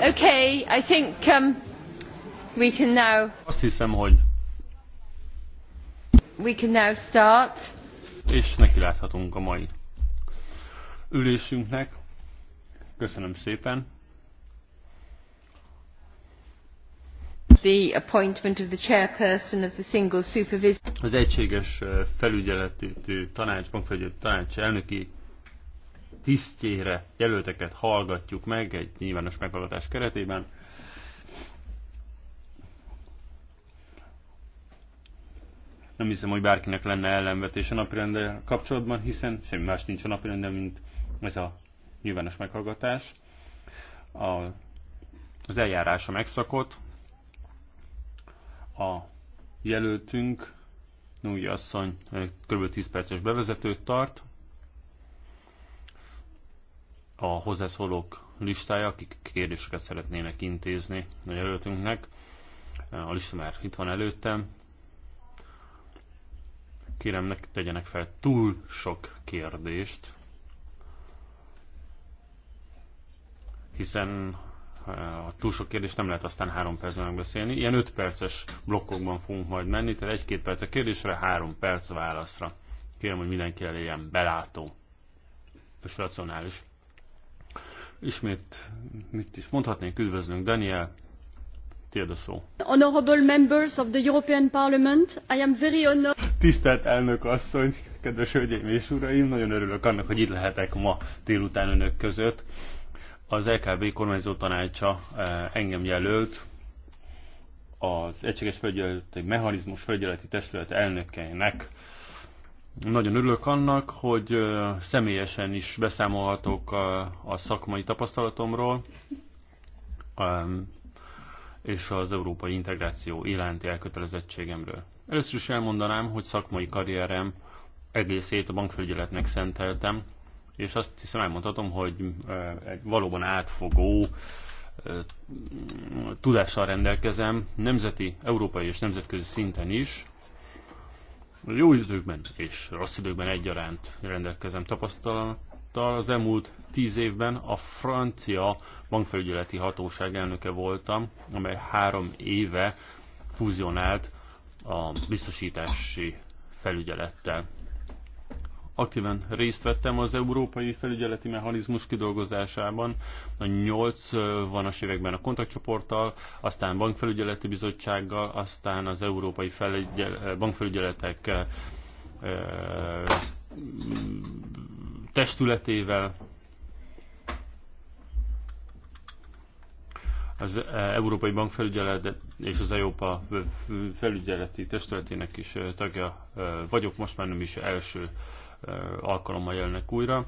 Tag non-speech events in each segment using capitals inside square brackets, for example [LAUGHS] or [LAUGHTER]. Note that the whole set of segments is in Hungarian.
Okay, I think um, we can now. Azt hiszem, hogy. We can now start. És neki láthatunk a mai ülésünknek. Köszönöm szépen. The appointment of the chairperson of the single supervision. Az egységes felügyeleti tanács, bankfelügyeleti tanács elnöki tisztjére jelölteket hallgatjuk meg egy nyilvános meghallgatás keretében. Nem hiszem, hogy bárkinek lenne ellenvetés a napirendel kapcsolatban, hiszen semmi más nincs a napirenden, mint ez a nyilvános meghallgatás. A, az eljárása megszakott, a jelöltünk, Núi asszony kb. 10 perces bevezetőt tart. A hozzászólók listája, akik kérdéseket szeretnének intézni a jelöltünknek. A lista már itt van előttem. Kérem, ne tegyenek fel túl sok kérdést, hiszen a túl sok kérdés nem lehet aztán három percben megbeszélni. Ilyen öt perces blokkokban fogunk majd menni, tehát egy-két perc a kérdésre, három perc a válaszra. Kérem, hogy mindenki legyen belátó és racionális. Ismét mit is mondhatnék, üdvözlünk Daniel, tiéd a szó. Honorable members of the European Parliament, I am very honored. Tisztelt elnök asszony, kedves hölgyeim és uraim, nagyon örülök annak, hogy itt lehetek ma délután önök között az LKB kormányzó tanácsa eh, engem jelölt az Egységes Felügyeleti Mechanizmus Felügyeleti Testület elnökeinek. Nagyon örülök annak, hogy eh, személyesen is beszámolhatok eh, a szakmai tapasztalatomról, és az európai integráció iránti elkötelezettségemről. Először is elmondanám, hogy szakmai karrierem egészét a bankfelügyeletnek szenteltem, és azt hiszem elmondhatom, hogy egy valóban átfogó tudással rendelkezem, nemzeti, európai és nemzetközi szinten is, jó időkben és rossz időkben egyaránt rendelkezem tapasztalattal. Az elmúlt tíz évben a francia bankfelügyeleti hatóság elnöke voltam, amely három éve fúzionált a biztosítási felügyelettel aktívan részt vettem az európai felügyeleti mechanizmus kidolgozásában, a 80-as években a kontaktcsoporttal, aztán bankfelügyeleti bizottsággal, aztán az európai felügyel, bankfelügyeletek testületével, az Európai Bankfelügyelet és az Európa felügyeleti testületének is tagja vagyok, most már nem is első alkalommal jelennek újra.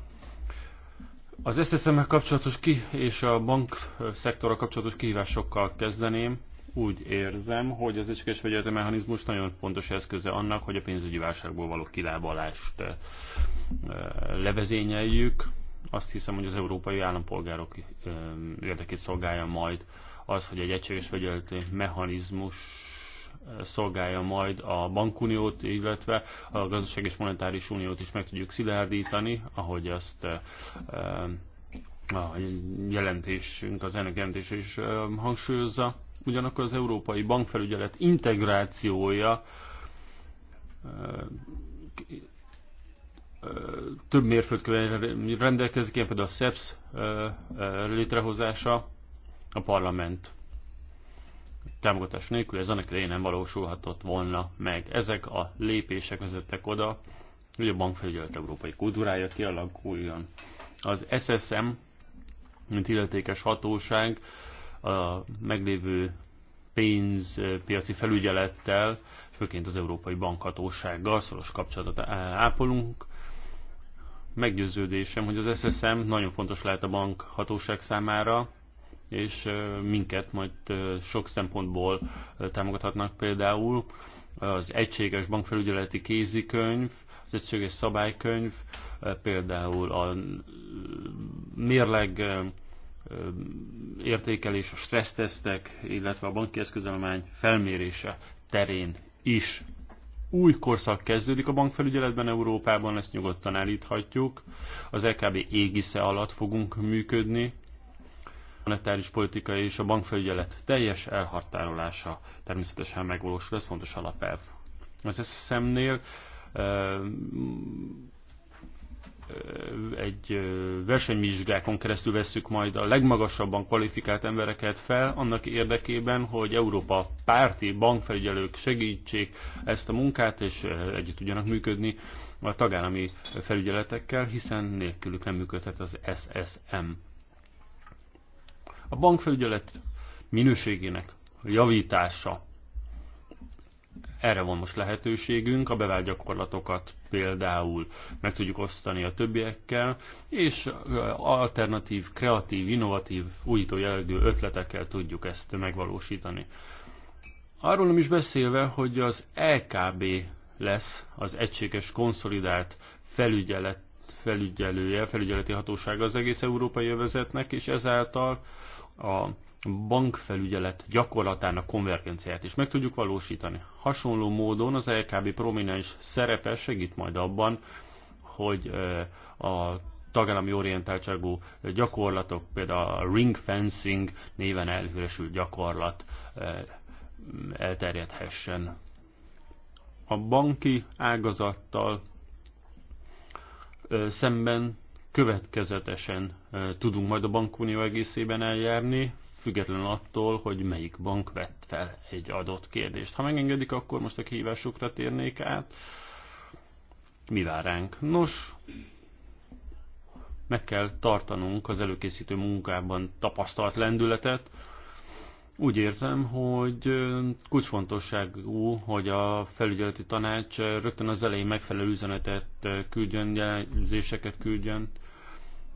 Az ssm kapcsolatos ki és a bank szektorral kapcsolatos kihívásokkal kezdeném. Úgy érzem, hogy az egységes vegyeleti mechanizmus nagyon fontos eszköze annak, hogy a pénzügyi válságból való kilábalást levezényeljük. Azt hiszem, hogy az európai állampolgárok érdekét szolgálja majd az, hogy egy egységes vegyeleti mechanizmus szolgálja majd a bankuniót, illetve a gazdaság és monetáris uniót is meg tudjuk szilárdítani, ahogy azt eh, a jelentésünk, az ennek jelentése is eh, hangsúlyozza. Ugyanakkor az európai bankfelügyelet integrációja eh, több mérföldkövel rendelkezik, ilyen például a SEPS létrehozása, a parlament támogatás nélkül ez annak idején nem valósulhatott volna meg. Ezek a lépések vezettek oda, hogy a bankfelügyelet európai kultúrája kialakuljon. Az SSM, mint illetékes hatóság, a meglévő pénzpiaci felügyelettel, főként az Európai Bankhatósággal szoros kapcsolatot ápolunk. Meggyőződésem, hogy az SSM nagyon fontos lehet a bankhatóság számára, és minket majd sok szempontból támogathatnak például az egységes bankfelügyeleti kézikönyv, az egységes szabálykönyv, például a mérleg értékelés, a stressztesztek, illetve a banki eszközelemány felmérése terén is. Új korszak kezdődik a bankfelügyeletben Európában, ezt nyugodtan állíthatjuk. Az LKB égisze alatt fogunk működni, monetáris politika és a bankfelügyelet teljes elhatárolása természetesen megvalósul, ez fontos alapelv. Az SSM-nél egy versenyvizsgákon keresztül veszük majd a legmagasabban kvalifikált embereket fel, annak érdekében, hogy Európa párti bankfelügyelők segítsék ezt a munkát, és együtt tudjanak működni a tagállami felügyeletekkel, hiszen nélkülük nem működhet az SSM. A bankfelügyelet minőségének javítása. Erre van most lehetőségünk, a bevált gyakorlatokat például meg tudjuk osztani a többiekkel, és alternatív, kreatív, innovatív, újító jellegű ötletekkel tudjuk ezt megvalósítani. Arról nem is beszélve, hogy az LKB lesz az egységes konszolidált felügyelet, felügyelője, felügyeleti hatósága az egész európai övezetnek, és ezáltal a bankfelügyelet gyakorlatának konvergenciáját is meg tudjuk valósítani. Hasonló módon az LKB prominens szerepe segít majd abban, hogy a tagállami orientáltságú gyakorlatok, például a ring fencing néven elhíresült gyakorlat elterjedhessen. A banki ágazattal szemben következetesen tudunk majd a bankunió egészében eljárni, független attól, hogy melyik bank vett fel egy adott kérdést. Ha megengedik, akkor most a kihívásokra térnék át. Mi vár ránk? Nos, meg kell tartanunk az előkészítő munkában tapasztalt lendületet, úgy érzem, hogy kulcsfontosságú, hogy a felügyeleti tanács rögtön az elején megfelelő üzenetet küldjön, jelzéseket küldjön,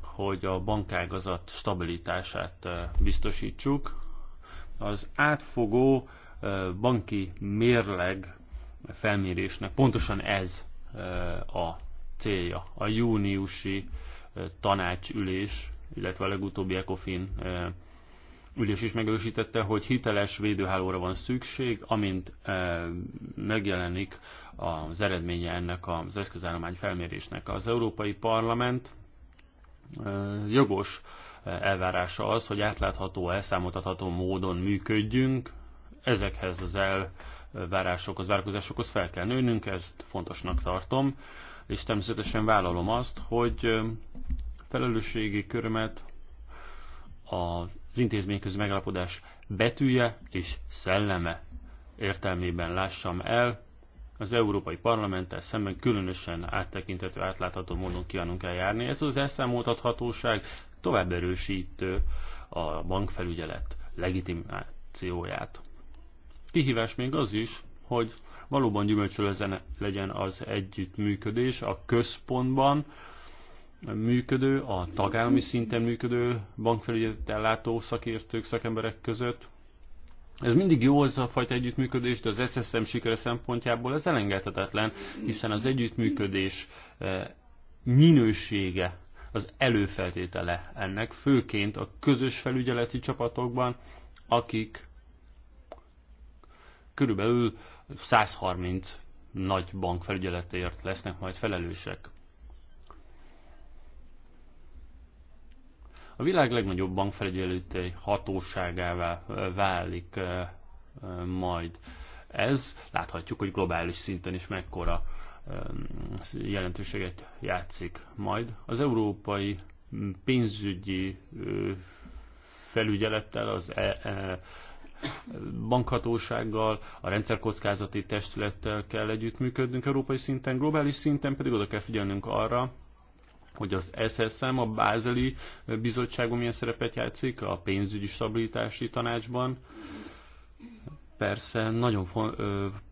hogy a bankágazat stabilitását biztosítsuk. Az átfogó banki mérleg felmérésnek pontosan ez a célja. A júniusi tanácsülés, illetve a legutóbbi ECOFIN ülés is megerősítette, hogy hiteles védőhálóra van szükség, amint e, megjelenik az eredménye ennek az eszközállomány felmérésnek. Az Európai Parlament e, jogos eh, elvárása az, hogy átlátható, elszámoltatható módon működjünk, ezekhez az elvárásokhoz, várakozásokhoz fel kell nőnünk, ezt fontosnak tartom, és természetesen vállalom azt, hogy felelősségi körömet a az intézményközi megállapodás betűje és szelleme értelmében lássam el, az Európai Parlamenttel szemben különösen áttekintető, átlátható módon kívánunk eljárni. Ez az elszámoltathatóság tovább erősítő a bankfelügyelet legitimációját. Kihívás még az is, hogy valóban gyümölcsölözen legyen az együttműködés a központban, működő, a tagállami szinten működő bankfelügyelet ellátó szakértők, szakemberek között. Ez mindig jó ez a fajta együttműködés, de az SSM sikere szempontjából ez elengedhetetlen, hiszen az együttműködés eh, minősége az előfeltétele ennek, főként a közös felügyeleti csapatokban, akik körülbelül 130 nagy bankfelügyeletért lesznek majd felelősek. A világ legnagyobb bankfelügyelői hatóságává válik majd. Ez láthatjuk, hogy globális szinten is mekkora jelentőséget játszik majd. Az európai pénzügyi felügyelettel, az e -E bankhatósággal, a rendszerkockázati testülettel kell együttműködnünk európai szinten, globális szinten pedig oda kell figyelnünk arra, hogy az SSM a Bázeli bizottságon milyen szerepet játszik, a pénzügyi stabilitási tanácsban. Persze nagyon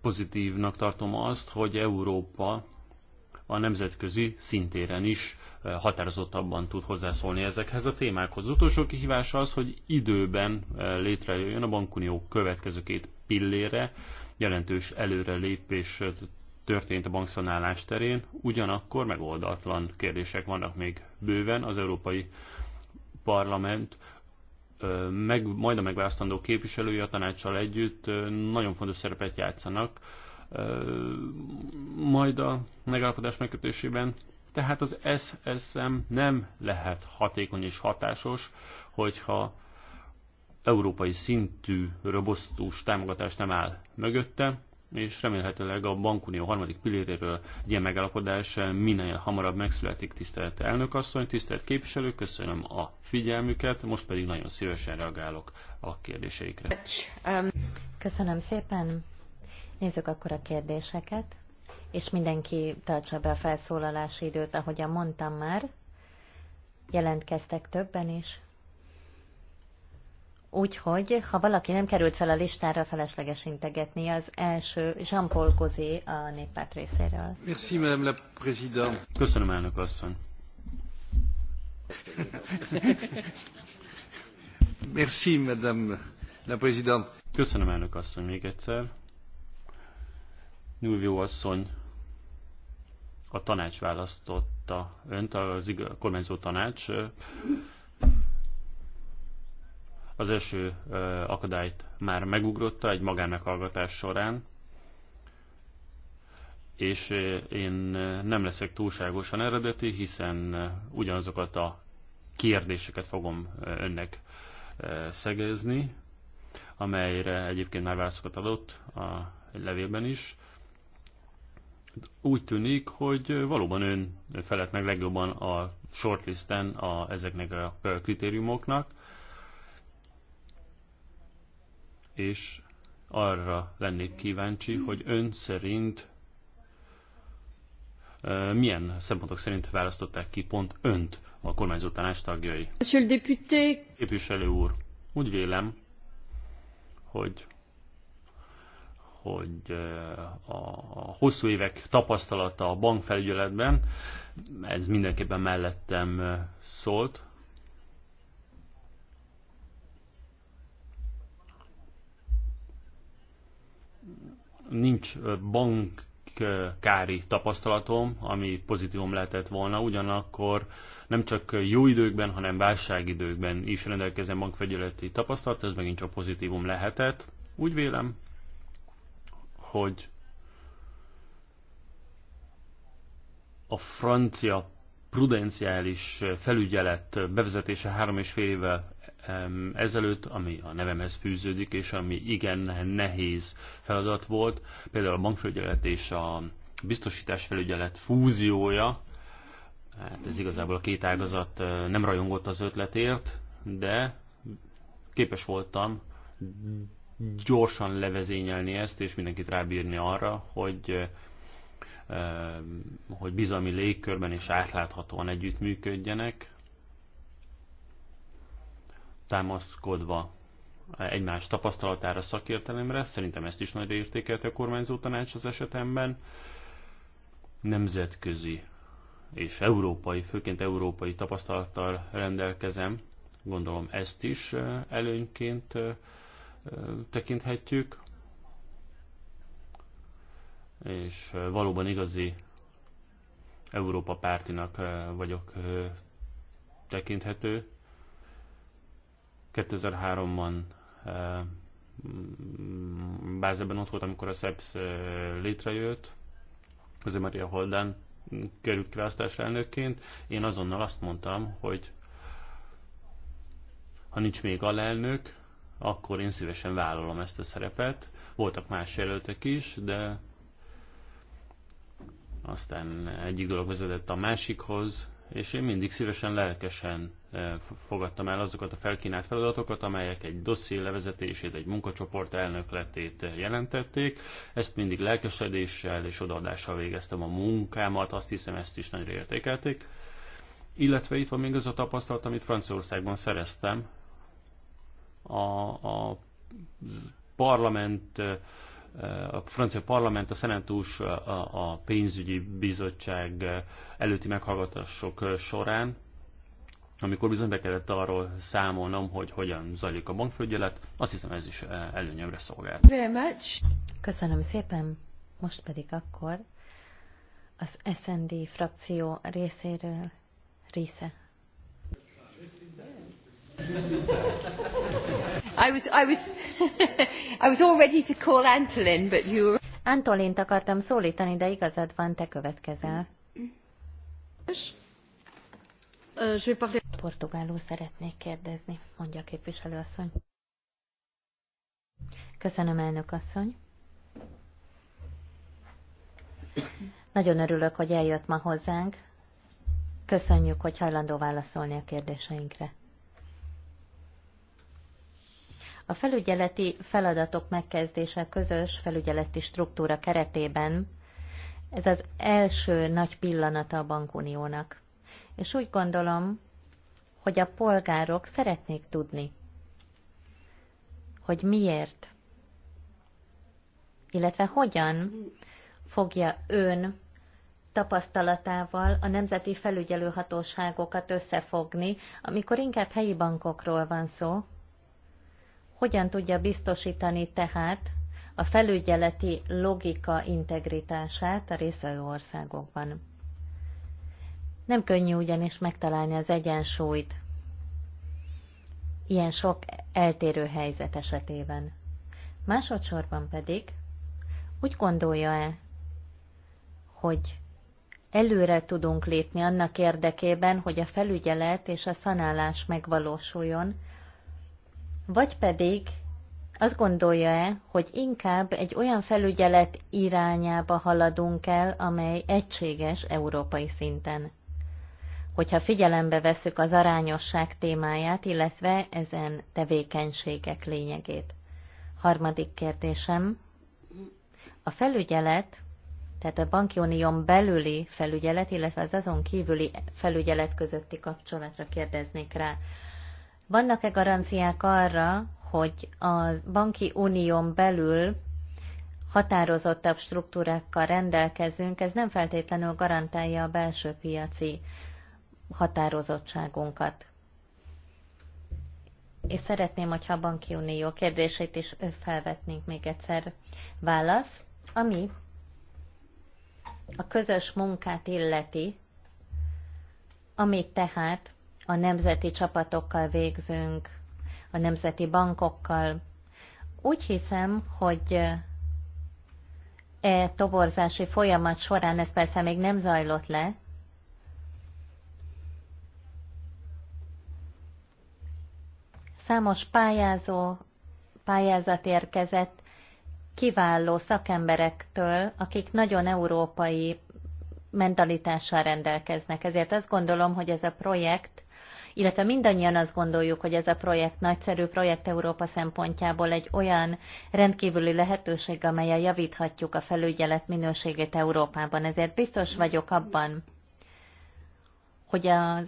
pozitívnak tartom azt, hogy Európa a nemzetközi szintéren is határozottabban tud hozzászólni ezekhez a témákhoz. Az utolsó kihívás az, hogy időben létrejöjjön a bankunió következő két pillére, jelentős előrelépés történt a bankszanálás terén, ugyanakkor megoldatlan kérdések vannak még bőven. Az Európai Parlament meg, majd a megválasztandó képviselői a tanácssal együtt nagyon fontos szerepet játszanak, majd a megállapodás megkötésében. Tehát az SSM nem lehet hatékony és hatásos, hogyha európai szintű robosztus támogatás nem áll mögötte, és remélhetőleg a bankunió harmadik pilléréről egy ilyen megállapodás minél hamarabb megszületik, tisztelt elnökasszony, tisztelt képviselő, köszönöm a figyelmüket, most pedig nagyon szívesen reagálok a kérdéseikre. Köszönöm szépen, nézzük akkor a kérdéseket, és mindenki tartsa be a felszólalási időt, ahogyan mondtam már, jelentkeztek többen is. Úgyhogy, ha valaki nem került fel a listára, felesleges integetni az első Jean-Paul Gauzé a néppárt részéről. Merci, Madame la Présidente. Köszönöm, elnök asszony. [LAUGHS] Merci, Madame la Présidente. Köszönöm, elnök asszony, még egyszer. Nulvió asszony, a tanács választotta önt, az igaz, a kormányzó tanács az első akadályt már megugrotta egy magánmeghallgatás során, és én nem leszek túlságosan eredeti, hiszen ugyanazokat a kérdéseket fogom önnek szegezni, amelyre egyébként már válaszokat adott a levélben is. Úgy tűnik, hogy valóban ön felett meg legjobban a shortlisten a, ezeknek a kritériumoknak. és arra lennék kíváncsi, hogy ön szerint milyen szempontok szerint választották ki pont önt a kormányzó tanács tagjai? Monsieur le député. Képviselő úr, úgy vélem, hogy hogy a hosszú évek tapasztalata a bankfelügyeletben, ez mindenképpen mellettem szólt, nincs bankkári tapasztalatom, ami pozitívum lehetett volna, ugyanakkor nem csak jó időkben, hanem válságidőkben is rendelkezem bankfegyeleti tapasztalat, ez megint csak pozitívum lehetett. Úgy vélem, hogy a francia prudenciális felügyelet bevezetése három és fél évvel ezelőtt, ami a nevemhez fűződik, és ami igen nehéz feladat volt. Például a bankfelügyelet és a biztosításfelügyelet fúziója, hát ez igazából a két ágazat nem rajongott az ötletért, de képes voltam gyorsan levezényelni ezt, és mindenkit rábírni arra, hogy hogy bizalmi légkörben és átláthatóan együttműködjenek, támaszkodva egymás tapasztalatára, szakértelemre. Szerintem ezt is nagyra értékelte a kormányzó tanács az esetemben. Nemzetközi és európai, főként európai tapasztalattal rendelkezem. Gondolom ezt is előnyként tekinthetjük. És valóban igazi Európa pártinak vagyok tekinthető. 2003-ban eh, mm, Bázeben ott volt, amikor a SEPS eh, létrejött, Az Maria Holden került kiválasztásra elnökként. Én azonnal azt mondtam, hogy ha nincs még alelnök, akkor én szívesen vállalom ezt a szerepet. Voltak más jelöltek is, de aztán egyik dolog vezetett a másikhoz, és én mindig szívesen, lelkesen eh, fogadtam el azokat a felkínált feladatokat, amelyek egy dosszié levezetését, egy munkacsoport elnökletét eh, jelentették. Ezt mindig lelkesedéssel és odaadással végeztem a munkámat, azt hiszem ezt is nagyra értékelték. Illetve itt van még az a tapasztalat, amit Franciaországban szereztem. A, a parlament eh, a francia parlament, a szenátus, a pénzügyi bizottság előtti meghallgatások során, amikor bizony be kellett arról számolnom, hogy hogyan zajlik a bankfőgyelet, azt hiszem ez is eh, előnyömre szolgált. Very much. Köszönöm szépen. Most pedig akkor az SND frakció részéről része. [LAUGHS] [LAUGHS] I was, all ready to call Antolin, but you were... Antolint akartam szólítani, de igazad van, te következel. Portugálul szeretnék kérdezni, mondja a képviselőasszony. Köszönöm, elnök asszony. Nagyon örülök, hogy eljött ma hozzánk. Köszönjük, hogy hajlandó válaszolni a kérdéseinkre. A felügyeleti feladatok megkezdése közös felügyeleti struktúra keretében ez az első nagy pillanata a bankuniónak. És úgy gondolom, hogy a polgárok szeretnék tudni, hogy miért, illetve hogyan fogja ön tapasztalatával a nemzeti felügyelőhatóságokat összefogni, amikor inkább helyi bankokról van szó, hogyan tudja biztosítani tehát a felügyeleti logika integritását a részvevő országokban? Nem könnyű ugyanis megtalálni az egyensúlyt ilyen sok eltérő helyzet esetében. Másodszorban pedig úgy gondolja-e, hogy előre tudunk lépni annak érdekében, hogy a felügyelet és a szanálás megvalósuljon, vagy pedig azt gondolja-e, hogy inkább egy olyan felügyelet irányába haladunk el, amely egységes európai szinten? Hogyha figyelembe veszük az arányosság témáját, illetve ezen tevékenységek lényegét. Harmadik kérdésem. A felügyelet, tehát a banki unión belüli felügyelet, illetve az azon kívüli felügyelet közötti kapcsolatra kérdeznék rá. Vannak-e garanciák arra, hogy a banki unión belül határozottabb struktúrákkal rendelkezünk, ez nem feltétlenül garantálja a belső piaci határozottságunkat. És szeretném, hogyha a banki unió kérdését is felvetnénk még egyszer. Válasz, ami a közös munkát illeti, amit tehát a nemzeti csapatokkal végzünk, a nemzeti bankokkal. Úgy hiszem, hogy e toborzási folyamat során ez persze még nem zajlott le, számos pályázó pályázat érkezett kiváló szakemberektől, akik nagyon európai mentalitással rendelkeznek. Ezért azt gondolom, hogy ez a projekt illetve mindannyian azt gondoljuk, hogy ez a projekt nagyszerű projekt Európa szempontjából egy olyan rendkívüli lehetőség, amelyel javíthatjuk a felügyelet minőségét Európában. Ezért biztos vagyok abban, hogy az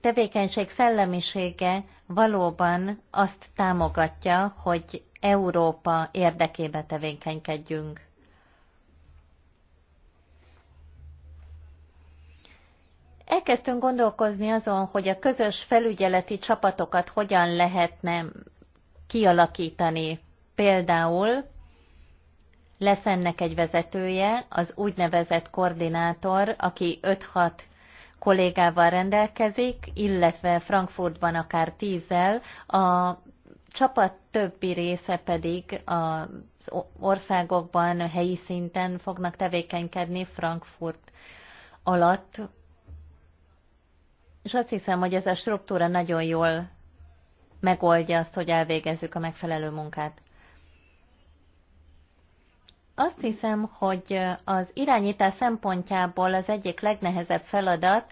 tevékenység szellemisége valóban azt támogatja, hogy Európa érdekébe tevékenykedjünk. Elkezdtünk gondolkozni azon, hogy a közös felügyeleti csapatokat hogyan lehetne kialakítani. Például lesz ennek egy vezetője, az úgynevezett koordinátor, aki 5-6 kollégával rendelkezik, illetve Frankfurtban akár tízzel, a csapat többi része pedig az országokban helyi szinten fognak tevékenykedni Frankfurt alatt és azt hiszem, hogy ez a struktúra nagyon jól megoldja azt, hogy elvégezzük a megfelelő munkát. Azt hiszem, hogy az irányítás szempontjából az egyik legnehezebb feladat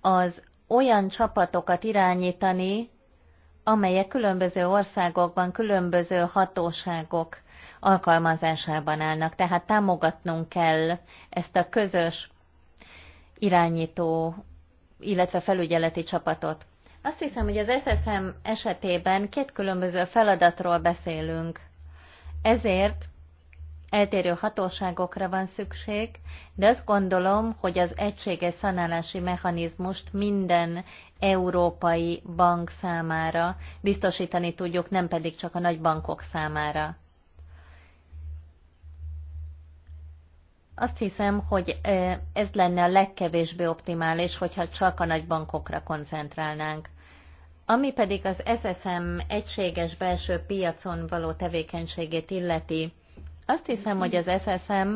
az olyan csapatokat irányítani, amelyek különböző országokban, különböző hatóságok alkalmazásában állnak. Tehát támogatnunk kell ezt a közös irányító illetve felügyeleti csapatot. Azt hiszem, hogy az SSM esetében két különböző feladatról beszélünk. Ezért eltérő hatóságokra van szükség, de azt gondolom, hogy az egységes szanálási mechanizmust minden európai bank számára biztosítani tudjuk, nem pedig csak a nagy bankok számára. Azt hiszem, hogy ez lenne a legkevésbé optimális, hogyha csak a nagy bankokra koncentrálnánk. Ami pedig az SSM egységes belső piacon való tevékenységét illeti, azt hiszem, hogy az SSM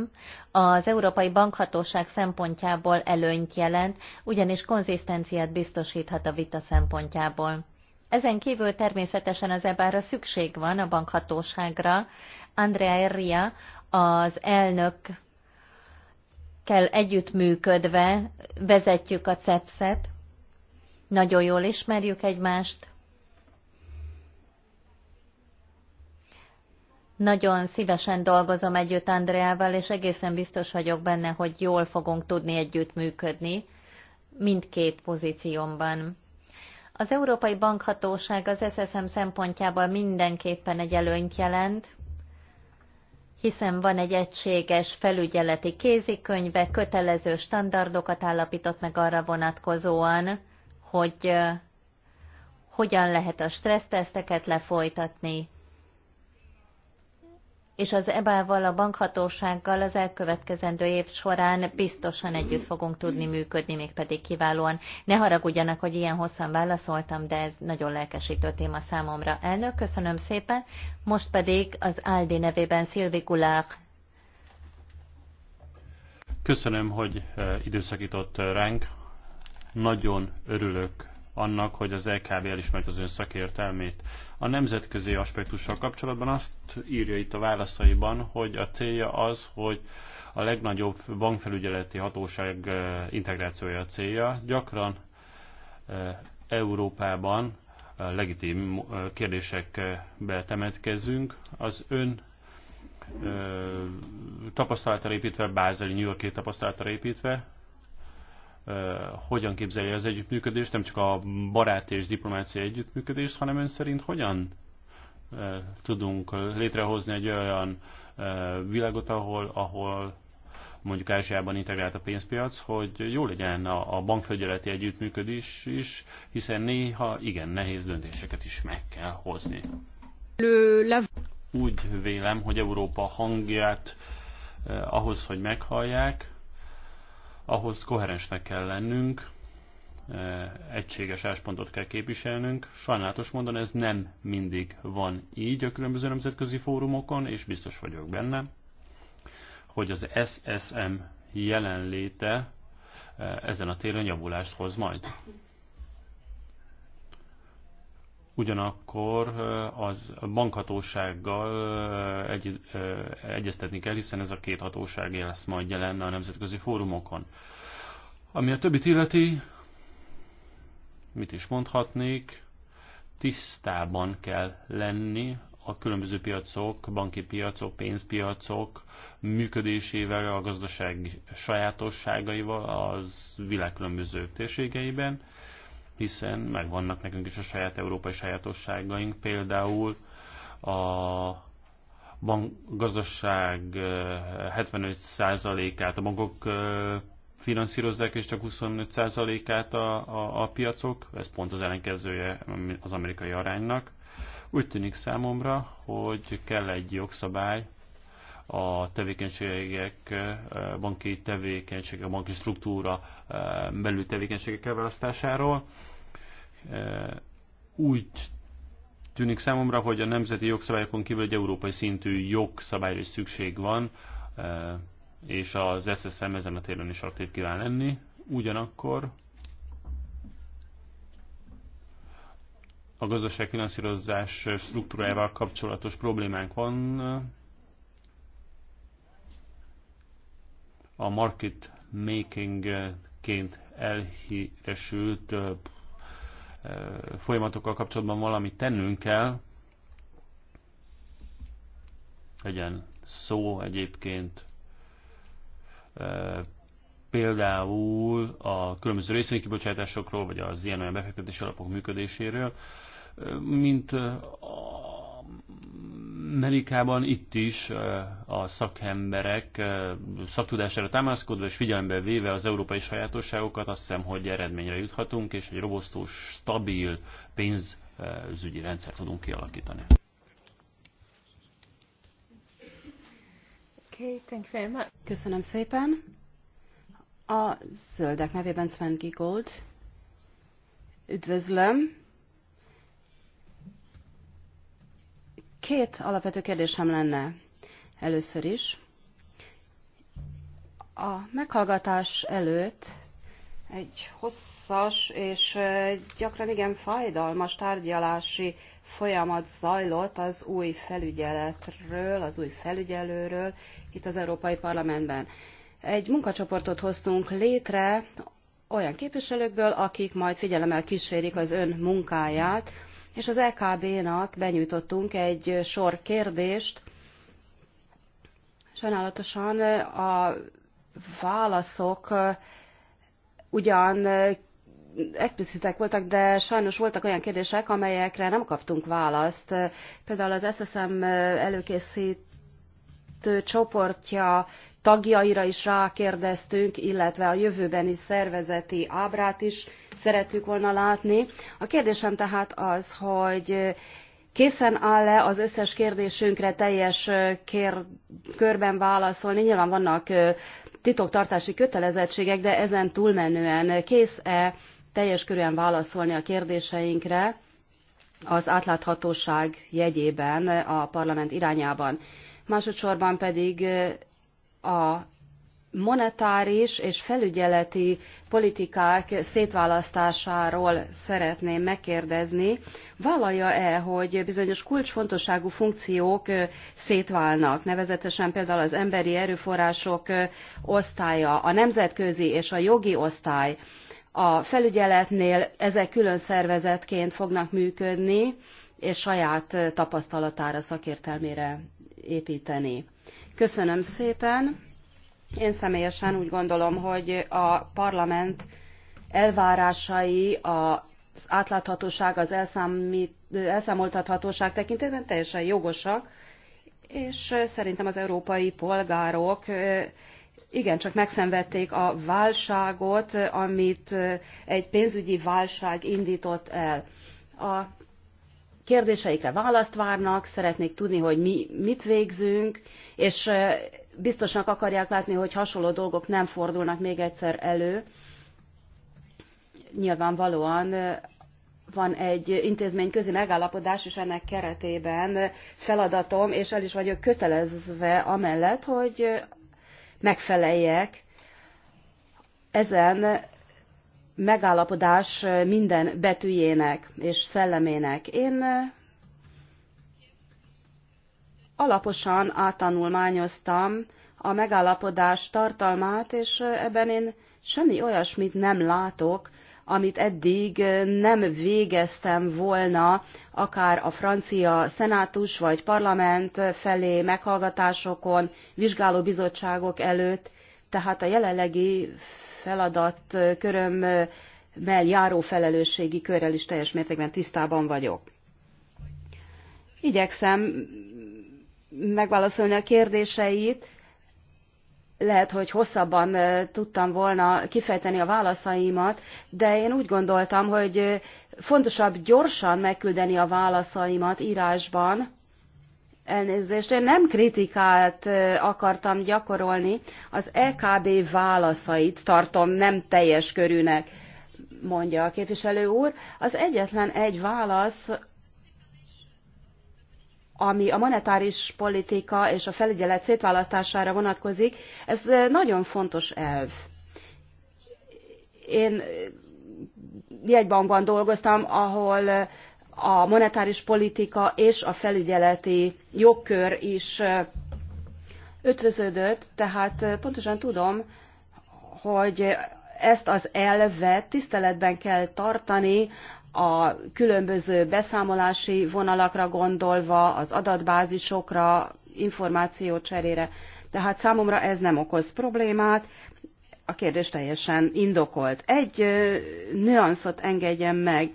az Európai Bankhatóság szempontjából előnyt jelent, ugyanis konzisztenciát biztosíthat a vita szempontjából. Ezen kívül természetesen az ebára szükség van a bankhatóságra. Andrea Erria, az elnök kell együttműködve vezetjük a cepszet. nagyon jól ismerjük egymást, Nagyon szívesen dolgozom együtt Andreával, és egészen biztos vagyok benne, hogy jól fogunk tudni együttműködni mindkét pozíciómban. Az Európai Bankhatóság az SSM szempontjából mindenképpen egy előnyt jelent, hiszen van egy egységes felügyeleti kézikönyve, kötelező standardokat állapított meg arra vonatkozóan, hogy eh, hogyan lehet a stresszteszteket lefolytatni, és az EBA-val, a bankhatósággal az elkövetkezendő év során biztosan együtt fogunk tudni működni, mégpedig kiválóan. Ne haragudjanak, hogy ilyen hosszan válaszoltam, de ez nagyon lelkesítő téma számomra. Elnök, köszönöm szépen. Most pedig az Aldi nevében Szilvi Gulák. Köszönöm, hogy eh, időszakított eh, ránk. Nagyon örülök annak, hogy az LKB elismert az ön szakértelmét. A nemzetközi aspektussal kapcsolatban azt írja itt a válaszaiban, hogy a célja az, hogy a legnagyobb bankfelügyeleti hatóság eh, integrációja a célja. Gyakran eh, Európában eh, legitim kérdésekbe temetkezünk. Az ön tapasztalatra építve, Bázeli New Yorki tapasztalatára építve, hogyan képzelje az együttműködést, nem csak a barát és diplomáciai együttműködést, hanem ön szerint hogyan tudunk létrehozni egy olyan világot, ahol, ahol mondjuk Ázsiában integrált a pénzpiac, hogy jó legyen a, a bankfegyeleti együttműködés is, hiszen néha igen nehéz döntéseket is meg kell hozni. Úgy vélem, hogy Európa hangját eh, ahhoz, hogy meghallják, ahhoz koherensnek kell lennünk, eh, egységes áspontot kell képviselnünk. Sajnálatos mondan ez nem mindig van így a különböző nemzetközi fórumokon, és biztos vagyok benne, hogy az SSM jelenléte eh, ezen a téren javulást hoz majd ugyanakkor az bankhatósággal egy, egyeztetni kell, hiszen ez a két hatóság lesz majd jelen a nemzetközi fórumokon. Ami a többit illeti, mit is mondhatnék, tisztában kell lenni a különböző piacok, banki piacok, pénzpiacok működésével, a gazdaság sajátosságaival az világ különböző térségeiben hiszen megvannak nekünk is a saját európai sajátosságaink, például a bank, gazdaság 75%-át eh, a bankok eh, finanszírozzák, és csak 25%-át a, a, a piacok, ez pont az ellenkezője az amerikai aránynak. Úgy tűnik számomra, hogy kell egy jogszabály a tevékenységek, eh, banki tevékenységek a banki struktúra belül tevékenységek elválasztásáról. Eh, úgy tűnik számomra, hogy a nemzeti jogszabályokon kívül egy európai szintű jogszabályra is szükség van, eh, és az SSM ezen a téren is aktív kíván lenni. Ugyanakkor a gazdaságfinanszírozás struktúrájával kapcsolatos problémánk van. A market making ként elhíresült eh, folyamatokkal kapcsolatban valamit tennünk kell. Legyen szó egyébként például a különböző részvénykibocsátásokról, vagy az ilyen-olyan befektetési alapok működéséről, mint Amerikában itt is a szakemberek szaktudására támaszkodva és figyelembe véve az európai sajátosságokat azt hiszem, hogy eredményre juthatunk, és egy robosztus, stabil pénzügyi rendszer tudunk kialakítani. Köszönöm szépen. A zöldek nevében Sven Gigold. Üdvözlöm. Két alapvető kérdésem lenne először is. A meghallgatás előtt egy hosszas és gyakran igen fájdalmas tárgyalási folyamat zajlott az új felügyeletről, az új felügyelőről itt az Európai Parlamentben. Egy munkacsoportot hoztunk létre olyan képviselőkből, akik majd figyelemmel kísérik az ön munkáját, és az EKB-nak benyújtottunk egy sor kérdést. Sajnálatosan a válaszok ugyan explicitek voltak, de sajnos voltak olyan kérdések, amelyekre nem kaptunk választ. Például az SSM előkészítő csoportja tagjaira is rákérdeztünk, illetve a jövőbeni szervezeti ábrát is szerettük volna látni. A kérdésem tehát az, hogy készen áll-e az összes kérdésünkre teljes kér, körben válaszolni? Nyilván vannak titoktartási kötelezettségek, de ezen túlmenően kész-e teljes körűen válaszolni a kérdéseinkre az átláthatóság jegyében a parlament irányában? Másodszorban pedig a monetáris és felügyeleti politikák szétválasztásáról szeretném megkérdezni, vállalja-e, hogy bizonyos kulcsfontosságú funkciók szétválnak, nevezetesen például az emberi erőforrások osztálya, a nemzetközi és a jogi osztály, a felügyeletnél ezek külön szervezetként fognak működni, és saját tapasztalatára, szakértelmére építeni. Köszönöm szépen. Én személyesen úgy gondolom, hogy a parlament elvárásai az átláthatóság, az elszámoltathatóság tekintetében teljesen jogosak, és szerintem az európai polgárok igencsak megszenvedték a válságot, amit egy pénzügyi válság indított el. A kérdéseikre választ várnak, szeretnék tudni, hogy mi mit végzünk, és biztosnak akarják látni, hogy hasonló dolgok nem fordulnak még egyszer elő. Nyilvánvalóan van egy intézményközi megállapodás, és ennek keretében feladatom, és el is vagyok kötelezve amellett, hogy megfeleljek ezen megállapodás minden betűjének és szellemének. Én alaposan átanulmányoztam a megállapodás tartalmát, és ebben én semmi olyasmit nem látok, amit eddig nem végeztem volna, akár a francia szenátus vagy parlament felé meghallgatásokon, vizsgálóbizottságok előtt, tehát a jelenlegi feladat körömmel járó felelősségi körrel is teljes mértékben tisztában vagyok. Igyekszem megválaszolni a kérdéseit. Lehet, hogy hosszabban tudtam volna kifejteni a válaszaimat, de én úgy gondoltam, hogy fontosabb gyorsan megküldeni a válaszaimat írásban, Elnézést, én nem kritikát akartam gyakorolni, az EKB válaszait tartom nem teljes körűnek, mondja a képviselő úr. Az egyetlen egy válasz, ami a monetáris politika és a felügyelet szétválasztására vonatkozik, ez nagyon fontos elv. Én jegybankban dolgoztam, ahol a monetáris politika és a felügyeleti jogkör is ötvöződött, tehát pontosan tudom, hogy ezt az elvet tiszteletben kell tartani, a különböző beszámolási vonalakra gondolva, az adatbázisokra, információcserére. Tehát számomra ez nem okoz problémát, a kérdés teljesen indokolt. Egy nüanszot engedjen meg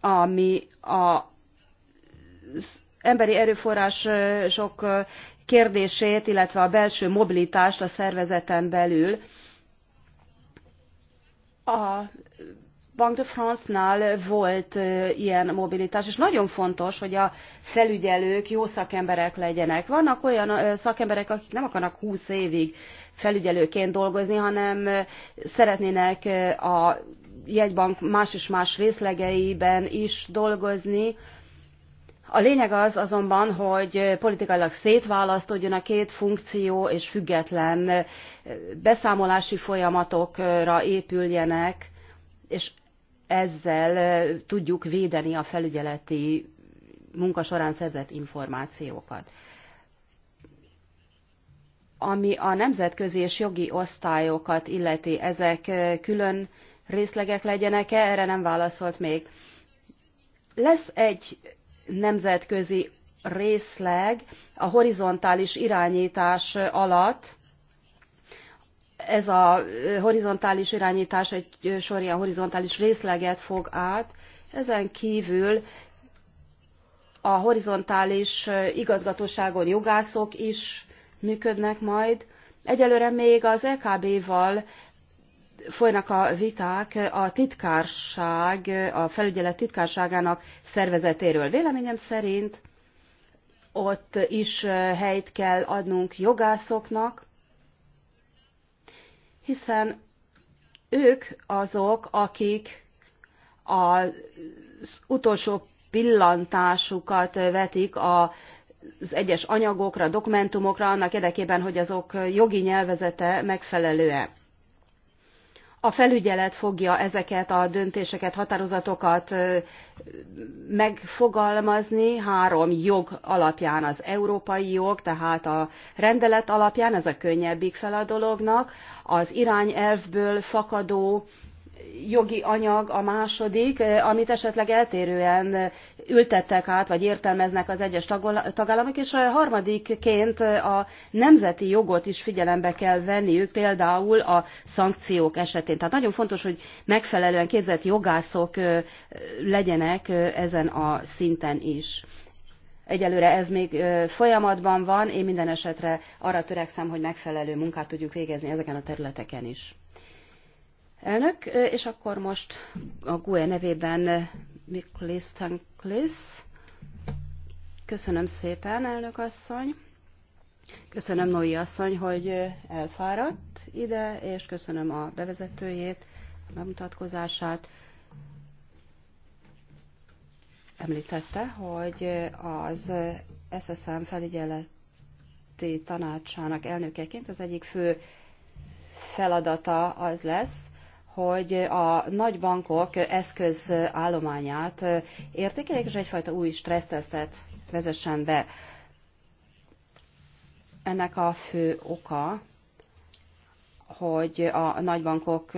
ami az emberi erőforrások kérdését, illetve a belső mobilitást a szervezeten belül. A Bank de France-nál volt ilyen mobilitás, és nagyon fontos, hogy a felügyelők jó szakemberek legyenek. Vannak olyan szakemberek, akik nem akarnak 20 évig felügyelőként dolgozni, hanem szeretnének a jegybank más és más részlegeiben is dolgozni. A lényeg az azonban, hogy politikailag szétválasztódjon a két funkció, és független eh, beszámolási folyamatokra épüljenek, és ezzel eh, tudjuk védeni a felügyeleti munka során szerzett információkat. Ami a nemzetközi és jogi osztályokat illeti, ezek eh, külön részlegek legyenek-e, erre nem válaszolt még. Lesz egy nemzetközi részleg a horizontális irányítás alatt, ez a horizontális irányítás egy sor ilyen horizontális részleget fog át, ezen kívül a horizontális igazgatóságon jogászok is működnek majd. Egyelőre még az EKB-val folynak a viták a titkárság, a felügyelet titkárságának szervezetéről. Véleményem szerint ott is helyt kell adnunk jogászoknak, hiszen ők azok, akik az utolsó pillantásukat vetik az egyes anyagokra, dokumentumokra, annak érdekében, hogy azok jogi nyelvezete megfelelő-e a felügyelet fogja ezeket a döntéseket, határozatokat megfogalmazni három jog alapján, az európai jog, tehát a rendelet alapján, ez a könnyebbik fel a dolognak, az irányelvből fakadó jogi anyag a második, eh, amit esetleg eltérően eh, ültettek át, vagy értelmeznek az egyes tagállamok, és harmadikként eh, a nemzeti jogot is figyelembe kell venniük, például a szankciók esetén. Tehát nagyon fontos, hogy megfelelően képzett jogászok legyenek ezen a szinten is. Egyelőre ez még folyamatban van, én minden esetre arra törekszem, hogy megfelelő munkát tudjuk végezni ezeken a területeken is. Elnök, és akkor most a GUE nevében eh, Miklis Tanklis. Köszönöm szépen, elnök asszony. Köszönöm Noi asszony, hogy eh, elfáradt ide, és köszönöm a bevezetőjét, a bemutatkozását. Említette, hogy eh, az SSM felügyeleti tanácsának elnökeként az egyik fő feladata az lesz, hogy a nagy bankok eszközállományát értékelik, és egyfajta új stressztesztet vezessen be. Ennek a fő oka, hogy a nagybankok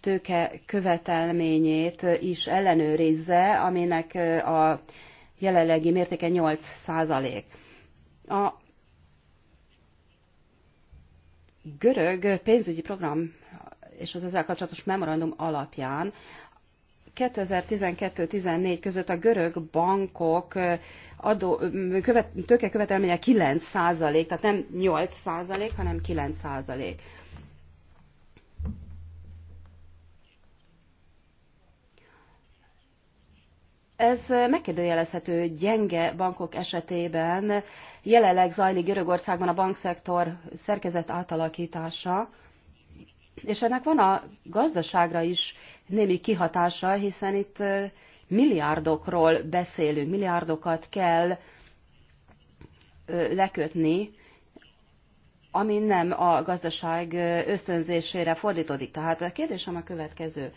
tőke követelményét is ellenőrizze, aminek a jelenlegi mértéke 8 százalék. A görög pénzügyi program és az ezzel kapcsolatos memorandum alapján 2012-14 között a görög bankok adó, követ, követelménye 9 százalék, tehát nem 8 százalék, hanem 9 százalék. Ez megkérdőjelezhető gyenge bankok esetében. Jelenleg zajlik Görögországban a bankszektor szerkezet átalakítása. És ennek van a gazdaságra is némi kihatása, hiszen itt milliárdokról beszélünk, milliárdokat kell lekötni, ami nem a gazdaság ösztönzésére fordítódik. Tehát a kérdésem a következő.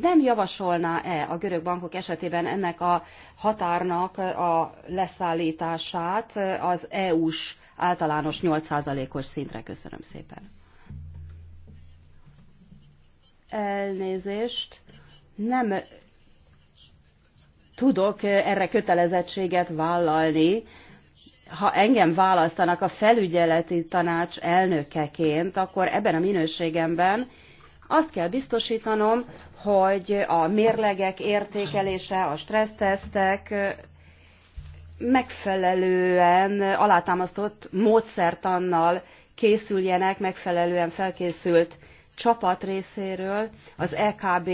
Nem javasolná-e a görög bankok esetében ennek a határnak a leszállítását az EU-s általános 8%-os szintre? Köszönöm szépen. Elnézést. Nem tudok erre kötelezettséget vállalni. Ha engem választanak a felügyeleti tanács elnökeként, akkor ebben a minőségemben azt kell biztosítanom, hogy a mérlegek értékelése, a stressztesztek megfelelően alátámasztott módszertannal készüljenek, megfelelően felkészült csapat részéről, az EKB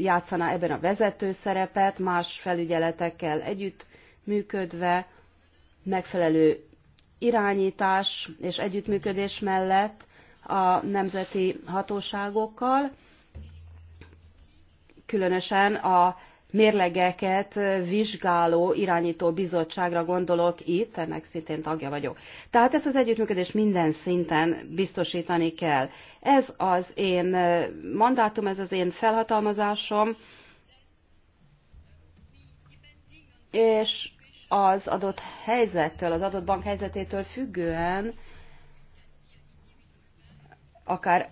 játszana ebben a vezető szerepet, más felügyeletekkel együtt működve, megfelelő irányítás és együttműködés mellett a nemzeti hatóságokkal, különösen a mérlegeket vizsgáló irányító bizottságra gondolok itt, ennek szintén tagja vagyok. Tehát ezt az együttműködést minden szinten biztosítani kell. Ez az én mandátum, ez az én felhatalmazásom, és az adott helyzettől, az adott bank helyzetétől függően akár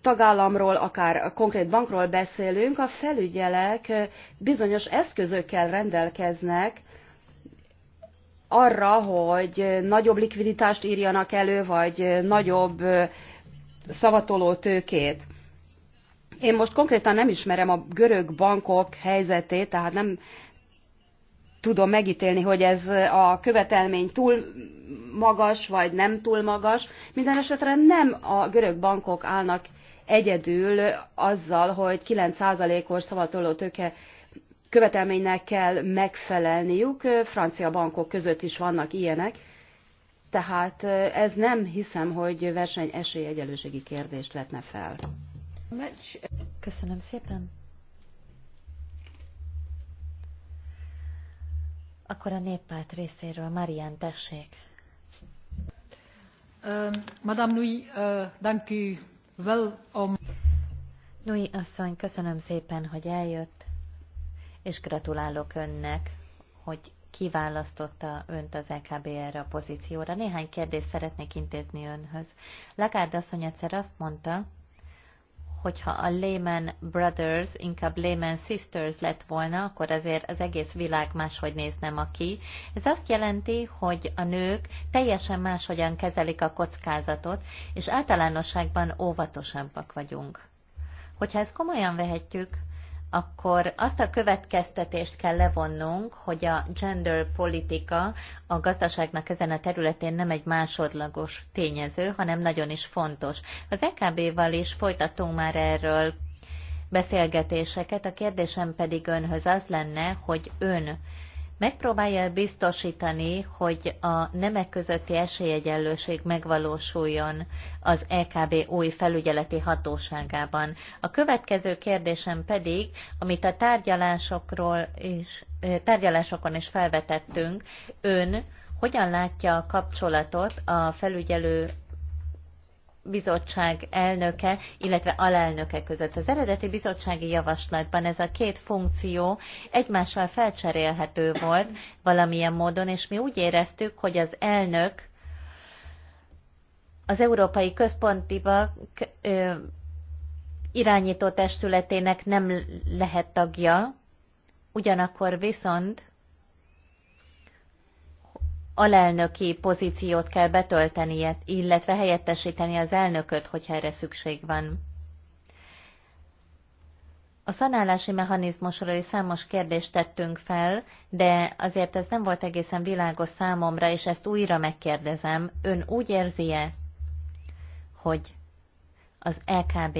tagállamról, akár konkrét bankról beszélünk, a felügyelek bizonyos eszközökkel rendelkeznek arra, hogy nagyobb likviditást írjanak elő, vagy nagyobb szavatoló tőkét. Én most konkrétan nem ismerem a görög bankok helyzetét, tehát nem tudom megítélni, hogy ez a követelmény túl magas, vagy nem túl magas. Minden esetre nem a görög bankok állnak egyedül azzal, hogy 9%-os szavatoló tőke követelménynek kell megfelelniük, francia bankok között is vannak ilyenek, tehát eh, ez nem hiszem, hogy verseny esélyegyelőségi kérdést vetne fel. Köszönöm szépen. Akkor a néppárt részéről Marian, tessék. Uh, Madame Louis, uh, thank you. Well, um... Nui asszony, köszönöm szépen, hogy eljött, és gratulálok önnek, hogy kiválasztotta önt az EKB re a pozícióra. Néhány kérdést szeretnék intézni önhöz. Lagarde asszony egyszer azt mondta, hogyha a Lehman Brothers inkább Lehman Sisters lett volna, akkor azért az egész világ máshogy nézne ma ki. Ez azt jelenti, hogy a nők teljesen máshogyan kezelik a kockázatot, és általánosságban óvatosabbak vagyunk. Hogyha ezt komolyan vehetjük, akkor azt a következtetést kell levonnunk, hogy a gender politika a gazdaságnak ezen a területén nem egy másodlagos tényező, hanem nagyon is fontos. Az EKB-val is folytatunk már erről beszélgetéseket, a kérdésem pedig önhöz az lenne, hogy ön megpróbálja biztosítani, hogy a nemek közötti esélyegyenlőség megvalósuljon az EKB új felügyeleti hatóságában. A következő kérdésem pedig, amit a tárgyalásokról is, tárgyalásokon is felvetettünk, ön hogyan látja a kapcsolatot a felügyelő bizottság elnöke, illetve alelnöke között. Az eredeti bizottsági javaslatban ez a két funkció egymással felcserélhető volt valamilyen módon, és mi úgy éreztük, hogy az elnök az Európai Központi Bank irányító testületének nem lehet tagja, ugyanakkor viszont alelnöki pozíciót kell betöltenie, illetve helyettesíteni az elnököt, hogyha erre szükség van. A szanálási mechanizmusról is számos kérdést tettünk fel, de azért ez nem volt egészen világos számomra, és ezt újra megkérdezem. Ön úgy érzi-e, hogy az LKB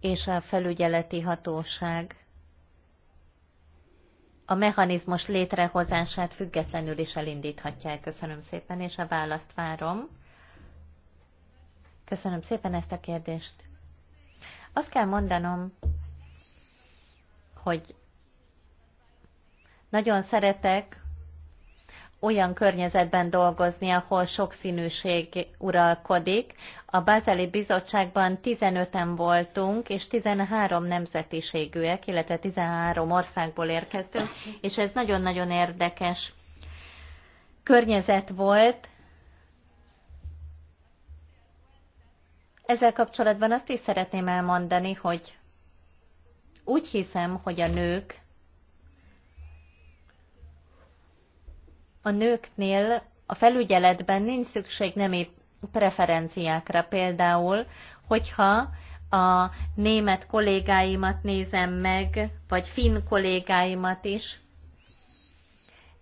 és a felügyeleti hatóság a mechanizmus létrehozását függetlenül is elindíthatják. Köszönöm szépen, és a választ várom. Köszönöm szépen ezt a kérdést. Azt kell mondanom, hogy nagyon szeretek olyan környezetben dolgozni, ahol sokszínűség uralkodik. A Bázeli Bizottságban 15-en voltunk, és 13 nemzetiségűek, illetve 13 országból érkeztünk, és ez nagyon-nagyon érdekes környezet volt. Ezzel kapcsolatban azt is szeretném elmondani, hogy úgy hiszem, hogy a nők a nőknél a felügyeletben nincs szükség nemi preferenciákra. Például, hogyha a német kollégáimat nézem meg, vagy finn kollégáimat is,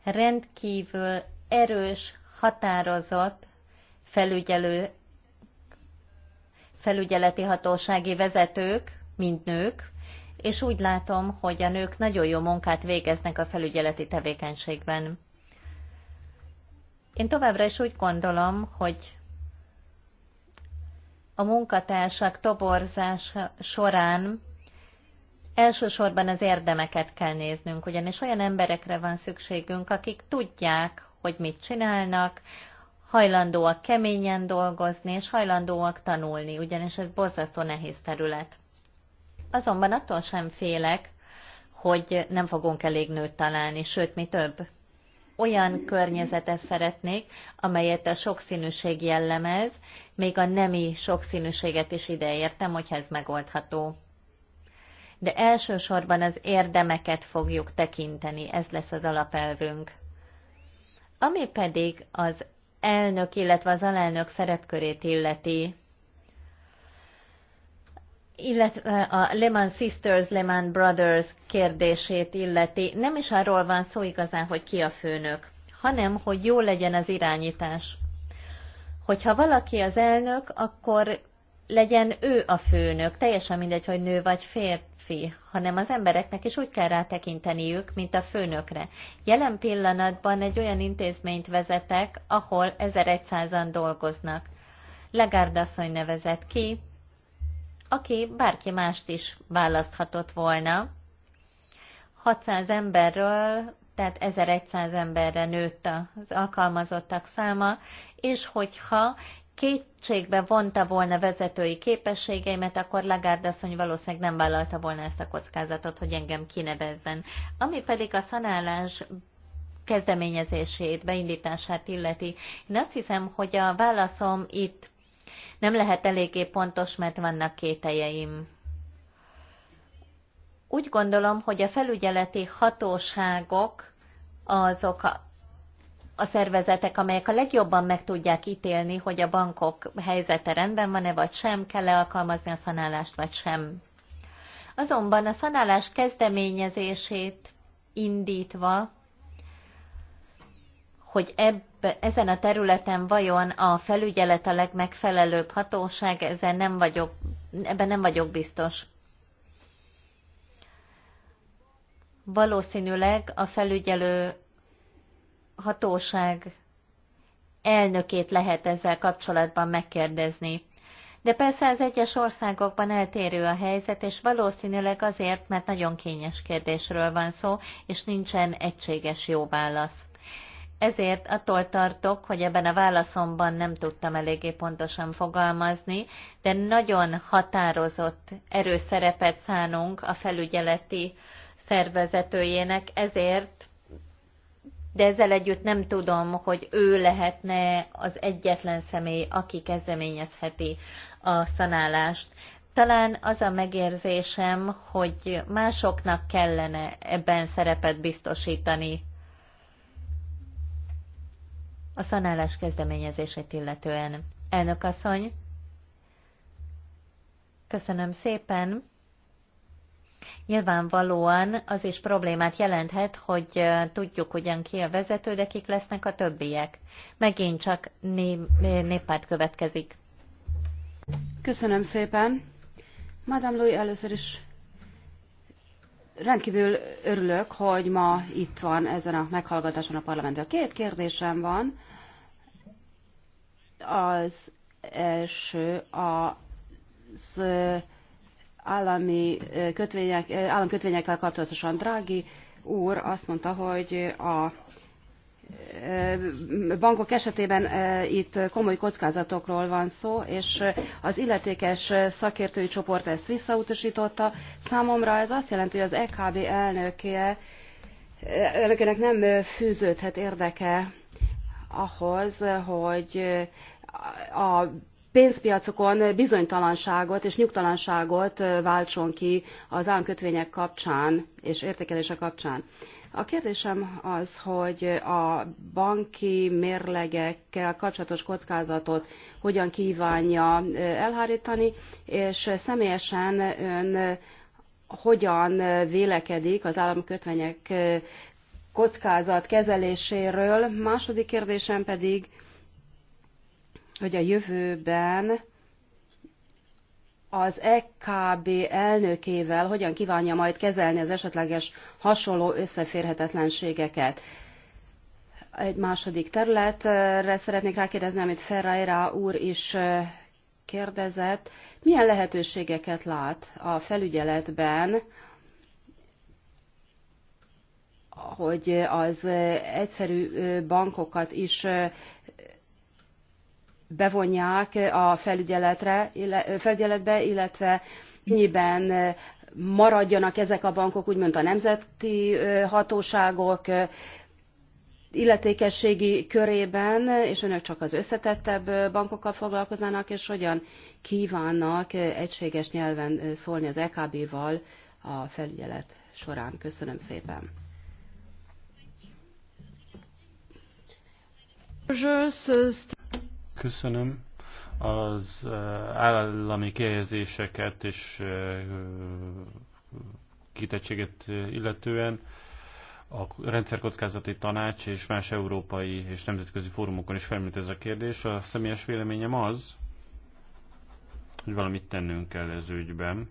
rendkívül erős, határozott felügyelő, felügyeleti hatósági vezetők, mint nők, és úgy látom, hogy a nők nagyon jó munkát végeznek a felügyeleti tevékenységben. Én továbbra is úgy gondolom, hogy a munkatársak toborzása során elsősorban az érdemeket kell néznünk, ugyanis olyan emberekre van szükségünk, akik tudják, hogy mit csinálnak, hajlandóak keményen dolgozni, és hajlandóak tanulni, ugyanis ez borzasztó nehéz terület. Azonban attól sem félek, hogy nem fogunk elég nőt találni, sőt, mi több olyan környezetet szeretnék, amelyet a sokszínűség jellemez, még a nemi sokszínűséget is ideértem, hogyha ez megoldható. De elsősorban az érdemeket fogjuk tekinteni, ez lesz az alapelvünk. Ami pedig az elnök, illetve az alelnök szerepkörét illeti, illetve a Lehman Sisters, Lehman Brothers kérdését illeti, nem is arról van szó igazán, hogy ki a főnök, hanem hogy jó legyen az irányítás. Hogyha valaki az elnök, akkor legyen ő a főnök, teljesen mindegy, hogy nő vagy férfi, hanem az embereknek is úgy kell rátekinteniük, mint a főnökre. Jelen pillanatban egy olyan intézményt vezetek, ahol 1100-an dolgoznak. Legárd asszony nevezett ki, aki bárki mást is választhatott volna. 600 emberről, tehát 1100 emberre nőtt az alkalmazottak száma, és hogyha kétségbe vonta volna vezetői képességeimet, akkor Lagarde asszony valószínűleg nem vállalta volna ezt a kockázatot, hogy engem kinevezzen. Ami pedig a szanálás kezdeményezését, beindítását illeti. Én azt hiszem, hogy a válaszom itt nem lehet eléggé pontos, mert vannak kételjeim. Úgy gondolom, hogy a felügyeleti hatóságok azok a, a szervezetek, amelyek a legjobban meg tudják ítélni, hogy a bankok helyzete rendben van-e vagy sem, kell-e alkalmazni a szanálást vagy sem. Azonban a szanálás kezdeményezését indítva hogy ebb, ezen a területen vajon a felügyelet a legmegfelelőbb hatóság, ezen nem vagyok, ebben nem vagyok biztos. Valószínűleg a felügyelő hatóság elnökét lehet ezzel kapcsolatban megkérdezni. De persze az egyes országokban eltérő a helyzet, és valószínűleg azért, mert nagyon kényes kérdésről van szó, és nincsen egységes jó válasz. Ezért attól tartok, hogy ebben a válaszomban nem tudtam eléggé pontosan fogalmazni, de nagyon határozott erőszerepet szánunk a felügyeleti szervezetőjének, ezért, de ezzel együtt nem tudom, hogy ő lehetne az egyetlen személy, aki kezdeményezheti a szanálást talán az a megérzésem, hogy másoknak kellene ebben szerepet biztosítani a szanálás kezdeményezését illetően. Elnök asszony, köszönöm szépen. Nyilvánvalóan az is problémát jelenthet, hogy tudjuk ugyan ki a vezető, de kik lesznek a többiek. Megint csak né néppárt következik. Köszönöm szépen. Madame Louis először is Rendkívül örülök, hogy ma itt van ezen a meghallgatáson a parlamentben. Két kérdésem van. Az első az állami kötvények, államkötvényekkel kapcsolatosan Drági úr azt mondta, hogy a bankok esetében itt komoly kockázatokról van szó, és az illetékes szakértői csoport ezt visszautasította. Számomra ez azt jelenti, hogy az EKB elnöke, elnökének nem fűződhet érdeke ahhoz, hogy a pénzpiacokon bizonytalanságot és nyugtalanságot váltson ki az államkötvények kapcsán és értékelése kapcsán. A kérdésem az, hogy a banki mérlegekkel kapcsolatos kockázatot hogyan kívánja elhárítani, és személyesen ön hogyan vélekedik az államkötvények kockázat kezeléséről. Második kérdésem pedig, hogy a jövőben az EKB elnökével hogyan kívánja majd kezelni az esetleges hasonló összeférhetetlenségeket. Egy második területre szeretnék rákérdezni, amit Ferreira úr is kérdezett. Milyen lehetőségeket lát a felügyeletben, hogy az egyszerű bankokat is bevonják a felügyeletre, felügyeletbe, illetve mennyiben maradjanak ezek a bankok, úgymond a nemzeti hatóságok illetékességi körében, és önök csak az összetettebb bankokkal foglalkoznának, és hogyan kívánnak egységes nyelven szólni az EKB-val a felügyelet során. Köszönöm szépen. Köszönöm. Az eh, állami kihelyezéseket és eh, kitettséget eh, illetően a rendszerkockázati tanács és más európai és nemzetközi fórumokon is felmerült ez a kérdés. A személyes véleményem az, hogy valamit tennünk kell ez ügyben.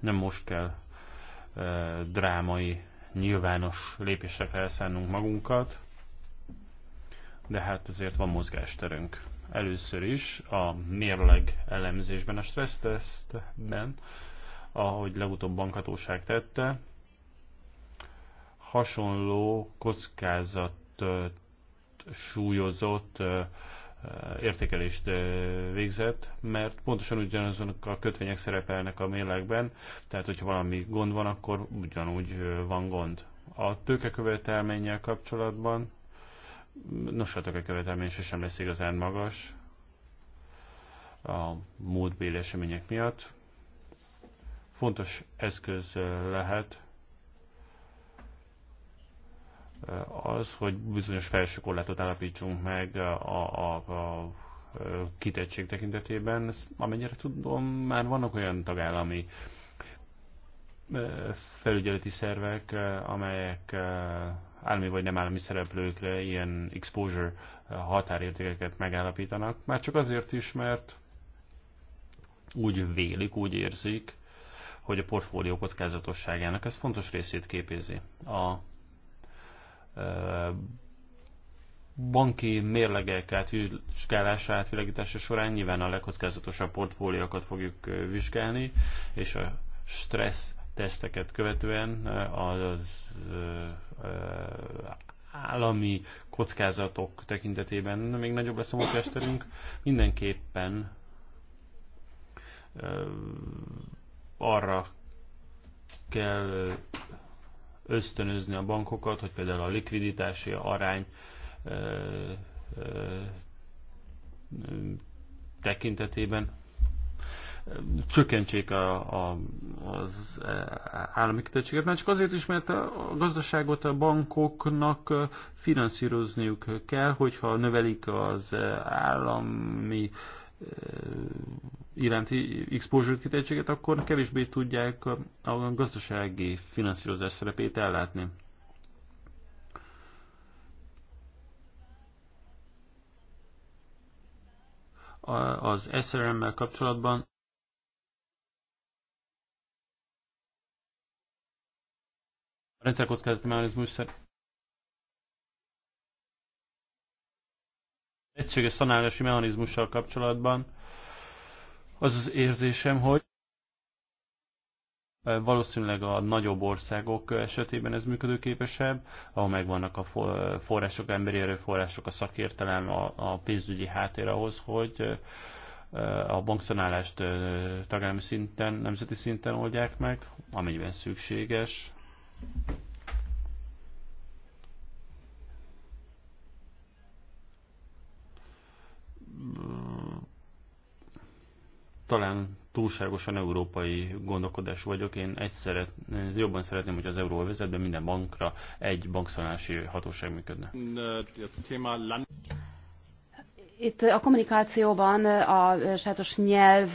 Nem most kell drámai nyilvános lépésekre elszánnunk magunkat, de hát azért van mozgásterünk. Először is a mérleg elemzésben, a stressztesztben, ahogy legutóbb bankatóság tette, hasonló kockázat súlyozott értékelést végzett, mert pontosan ugyanazonok a kötvények szerepelnek a mérlegben, tehát hogyha valami gond van, akkor ugyanúgy van gond. A tőkekövetelménnyel kapcsolatban, nos, a tőkekövetelmény se sem lesz igazán magas a múltbéli események miatt. Fontos eszköz lehet az, hogy bizonyos felső korlátot állapítsunk meg a, a, a kitettség tekintetében. Amennyire tudom, már vannak olyan tagállami felügyeleti szervek, amelyek állami vagy nem állami szereplőkre ilyen exposure határértékeket megállapítanak. Már csak azért is, mert úgy vélik, úgy érzik, hogy a portfólió kockázatosságának ez fontos részét képezi. A banki mérlegek átvizsgálása, átvilágítása során nyilván a legkockázatosabb portfóliókat fogjuk vizsgálni, és a stressz teszteket követően az állami kockázatok tekintetében még nagyobb lesz a mozgásterünk. Mindenképpen arra kell ösztönözni a bankokat, hogy például a likviditási arány tekintetében csökkentsék a, a, az állami kitettséget, már csak azért is, mert a gazdaságot a bankoknak finanszírozniuk kell, hogyha növelik az állami iránti exposure kitettséget, akkor kevésbé tudják a gazdasági finanszírozás szerepét ellátni. Az SRM-mel kapcsolatban a rendszerkockázati mechanizmus egységes szanálási mechanizmussal kapcsolatban az az érzésem, hogy Valószínűleg a nagyobb országok esetében ez működőképesebb, ahol megvannak a források, emberi erőforrások, a szakértelem, a, a pénzügyi háttér ahhoz, hogy a bankszanálást tagállami szinten, nemzeti szinten oldják meg, amennyiben szükséges. talán túlságosan európai gondolkodás vagyok. Én egy szeret, jobban szeretném, hogy az vezetben minden bankra egy bankszolási hatóság működne. Itt a kommunikációban a sajátos nyelv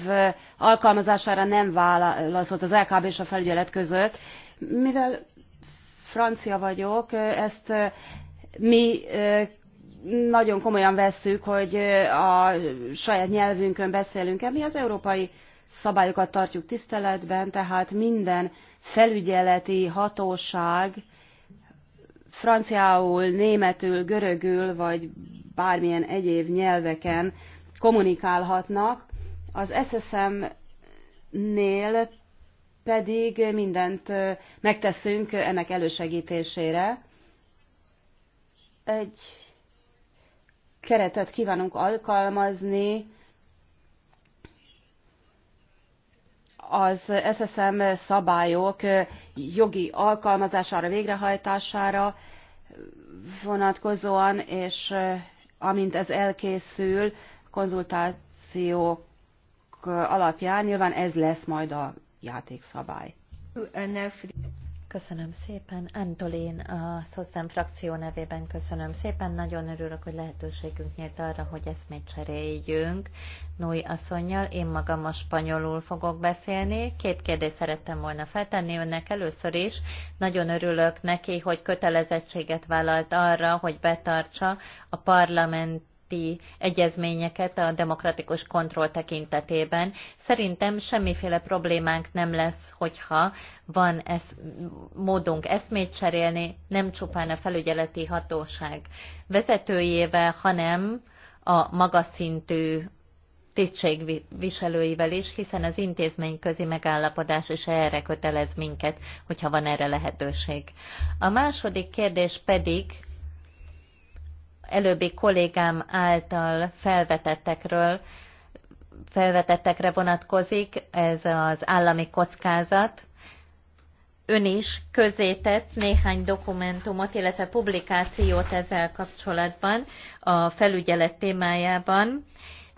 alkalmazására nem válaszolt az LKB és a felügyelet között. Mivel francia vagyok, ezt mi nagyon komolyan vesszük, hogy a saját nyelvünkön beszélünk-e. Mi az európai szabályokat tartjuk tiszteletben, tehát minden felügyeleti hatóság franciául, németül, görögül vagy bármilyen egyéb nyelveken kommunikálhatnak. Az SSM-nél pedig mindent megteszünk ennek elősegítésére. Egy keretet kívánunk alkalmazni az SSM szabályok jogi alkalmazására, végrehajtására vonatkozóan, és amint ez elkészül, konzultációk alapján nyilván ez lesz majd a játékszabály. Köszönöm szépen. Antolin, a Szoszem frakció nevében köszönöm szépen. Nagyon örülök, hogy lehetőségünk nyílt arra, hogy még cseréljünk. Nui asszonyjal, én magam a spanyolul fogok beszélni. Két kérdést szerettem volna feltenni önnek először is. Nagyon örülök neki, hogy kötelezettséget vállalt arra, hogy betartsa a parlament közötti egyezményeket a demokratikus kontroll tekintetében. Szerintem semmiféle problémánk nem lesz, hogyha van ez, módunk eszmét cserélni, nem csupán a felügyeleti hatóság vezetőjével, hanem a magaszintű tisztségviselőivel is, hiszen az intézmény közi megállapodás is erre kötelez minket, hogyha van erre lehetőség. A második kérdés pedig előbbi kollégám által felvetettekről, felvetettekre vonatkozik, ez az állami kockázat. Ön is közzétett néhány dokumentumot, illetve publikációt ezzel kapcsolatban a felügyelet témájában.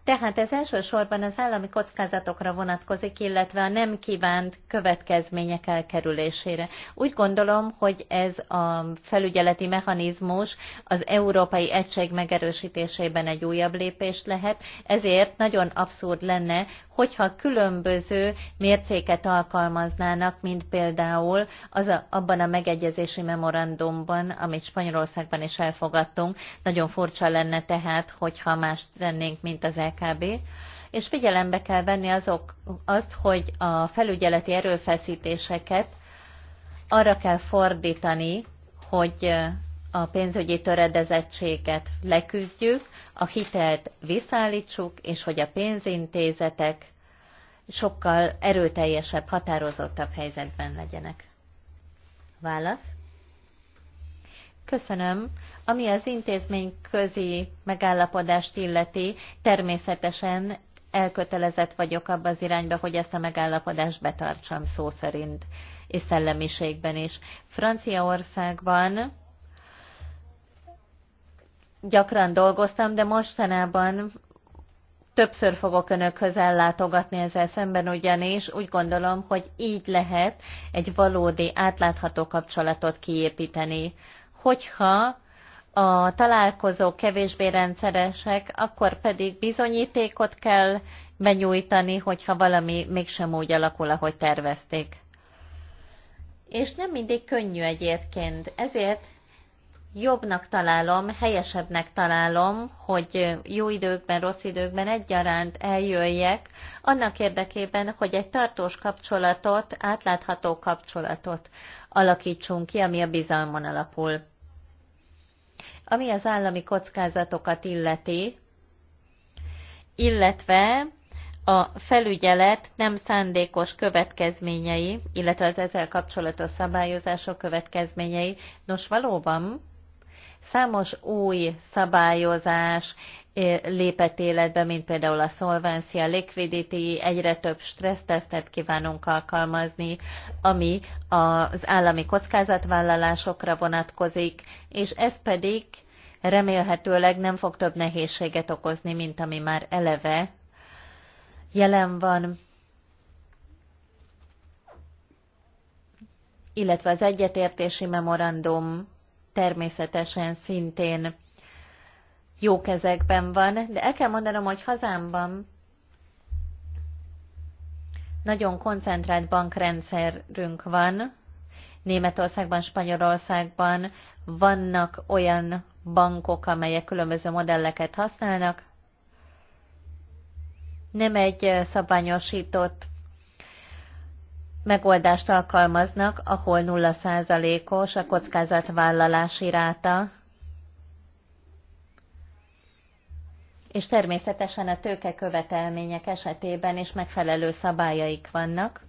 Tehát ez elsősorban az állami kockázatokra vonatkozik, illetve a nem kívánt következmények elkerülésére. Úgy gondolom, hogy ez a felügyeleti mechanizmus az európai egység megerősítésében egy újabb lépést lehet, ezért nagyon abszurd lenne, hogyha különböző mércéket alkalmaznának, mint például az a, abban a megegyezési memorandumban, amit Spanyolországban is elfogadtunk. Nagyon furcsa lenne tehát, hogyha más tennénk, mint az LKB és figyelembe kell venni azok, azt, hogy a felügyeleti erőfeszítéseket arra kell fordítani, hogy a pénzügyi töredezettséget leküzdjük, a hitelt visszaállítsuk, és hogy a pénzintézetek sokkal erőteljesebb, határozottabb helyzetben legyenek. Válasz? Köszönöm. Ami az intézmény közi megállapodást illeti, természetesen elkötelezett vagyok abba az irányba, hogy ezt a megállapodást betartsam szó szerint és szellemiségben is. Franciaországban gyakran dolgoztam, de mostanában többször fogok önökhöz ellátogatni ezzel szemben, ugyanis úgy gondolom, hogy így lehet egy valódi átlátható kapcsolatot kiépíteni. Hogyha a találkozók kevésbé rendszeresek, akkor pedig bizonyítékot kell benyújtani, hogyha valami mégsem úgy alakul, ahogy tervezték. És nem mindig könnyű egyébként, ezért jobbnak találom, helyesebbnek találom, hogy jó időkben, rossz időkben egyaránt eljöjjek, annak érdekében, hogy egy tartós kapcsolatot, átlátható kapcsolatot alakítsunk ki, ami a bizalmon alapul. Ami az állami kockázatokat illeti, illetve a felügyelet nem szándékos következményei, illetve az ezzel kapcsolatos szabályozások következményei. Nos, valóban Számos új szabályozás eh, lépett életbe, mint például a Solvency, a Liquidity, egyre több stressztesztet kívánunk alkalmazni, ami az állami kockázatvállalásokra vonatkozik, és ez pedig remélhetőleg nem fog több nehézséget okozni, mint ami már eleve jelen van. Illetve az egyetértési memorandum természetesen szintén jó kezekben van, de el kell mondanom, hogy hazámban nagyon koncentrált bankrendszerünk van. Németországban, Spanyolországban vannak olyan bankok, amelyek különböző modelleket használnak. Nem egy szabványosított megoldást alkalmaznak, ahol 0%-os a kockázatvállalási ráta, és természetesen a követelmények esetében is megfelelő szabályaik vannak.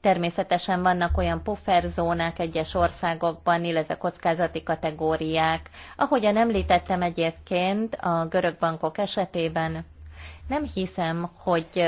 Természetesen vannak olyan pufferzónák egyes országokban, illetve kockázati kategóriák. Ahogyan említettem egyébként a görög bankok esetében, nem hiszem, hogy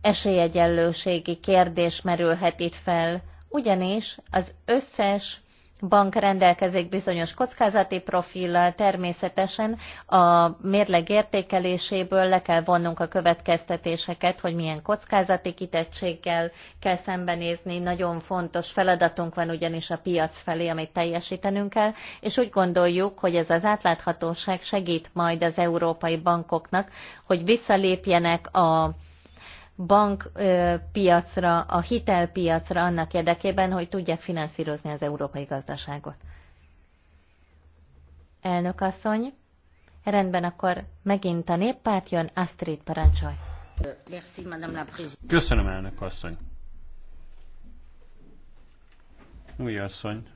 esélyegyenlőségi kérdés merülhet itt fel, ugyanis az összes bank rendelkezik bizonyos kockázati profillal, természetesen a mérleg értékeléséből le kell vonnunk a következtetéseket, hogy milyen kockázati kitettséggel kell szembenézni. Nagyon fontos feladatunk van ugyanis a piac felé, amit teljesítenünk kell, és úgy gondoljuk, hogy ez az átláthatóság segít majd az európai bankoknak, hogy visszalépjenek a bankpiacra, a hitelpiacra annak érdekében, hogy tudják finanszírozni az európai gazdaságot. Elnök asszony, rendben akkor megint a néppárt jön, Astrid parancsolj. Köszönöm, elnök asszony. Új asszony.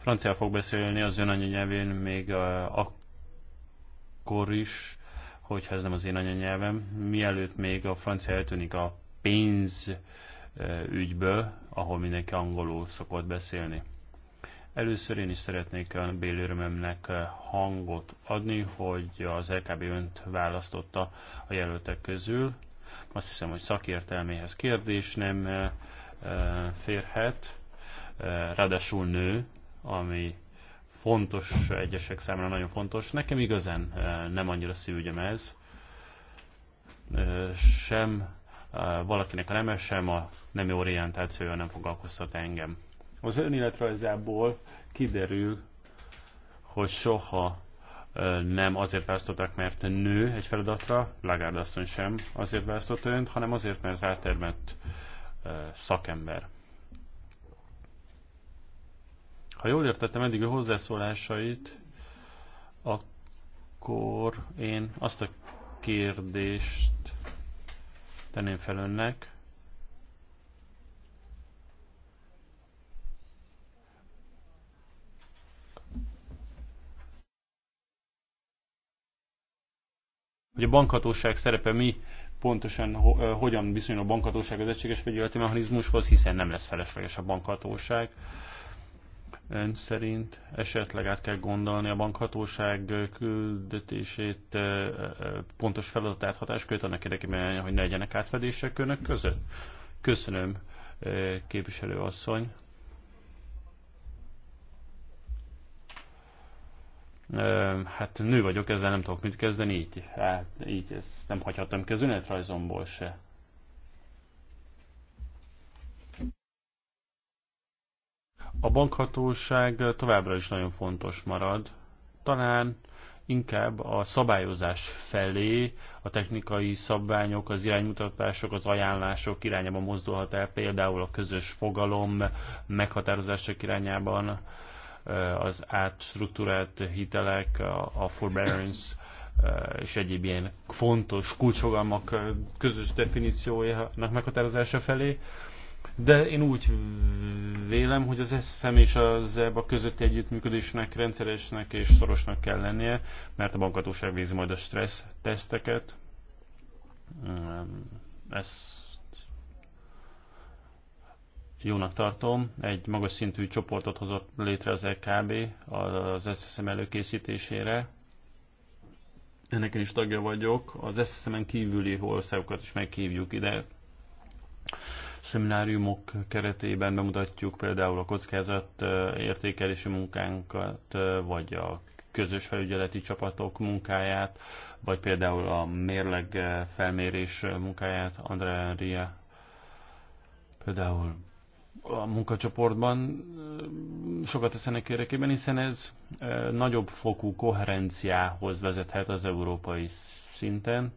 Francia fog beszélni az ön anyanyelvén még akkor is, hogyha ez nem az én anyanyelvem, mielőtt még a francia eltűnik a pénz ügyből, ahol mindenki angolul szokott beszélni. Először én is szeretnék a bélőrömömnek hangot adni, hogy az LKB önt választotta a jelöltek közül. Azt hiszem, hogy szakértelméhez kérdés nem férhet. Ráadásul nő, ami fontos egyesek számára nagyon fontos. Nekem igazán eh, nem annyira szívügyem ez. Eh, sem eh, valakinek a nem, sem a nemi orientációja nem foglalkoztat engem. Az önéletrajzából kiderül, hogy soha nem azért választottak, mert nő egy feladatra, Lagarde asszony sem azért választott önt, hanem azért, mert rátermett szakember. Ha jól értettem eddig a hozzászólásait, akkor én azt a kérdést tenném fel önnek, hogy a bankhatóság szerepe mi pontosan ho, hogyan viszonyul a bankhatóság az egységes vegyületi mechanizmushoz, hiszen nem lesz felesleges a bankhatóság. Ön szerint esetleg át kell gondolni a bankhatóság küldetését, pontos feladatát, hatáskört annak érdekében, hogy ne legyenek átfedések önök között? Köszönöm, képviselő asszony. Hát nő vagyok, ezzel nem tudok mit kezdeni, így, hát, így ezt nem hagyhatom ki rajzomból se. A bankhatóság továbbra is nagyon fontos marad. Talán inkább a szabályozás felé, a technikai szabványok, az iránymutatások, az ajánlások irányába mozdulhat el, például a közös fogalom meghatározások irányában, eh, az átstruktúrált hitelek, a forbearance eh, és egyéb ilyen fontos kulcsfogalmak eh, közös definíciójának meghatározása felé de én úgy vélem, hogy az SZM és az EBA közötti együttműködésnek rendszeresnek és szorosnak kell lennie, mert a bankatóság végzi majd a stressz teszteket. Ezt jónak tartom. Egy magas szintű csoportot hozott létre az EKB az SZM előkészítésére. Ennek én is tagja vagyok. Az szm en kívüli országokat is meghívjuk ide szemináriumok keretében bemutatjuk például a kockázat értékelési munkánkat, vagy a közös felügyeleti csapatok munkáját, vagy például a mérleg felmérés munkáját, Andrea Enria például a munkacsoportban sokat teszenek érdekében, hiszen ez nagyobb fokú koherenciához vezethet az európai szinten,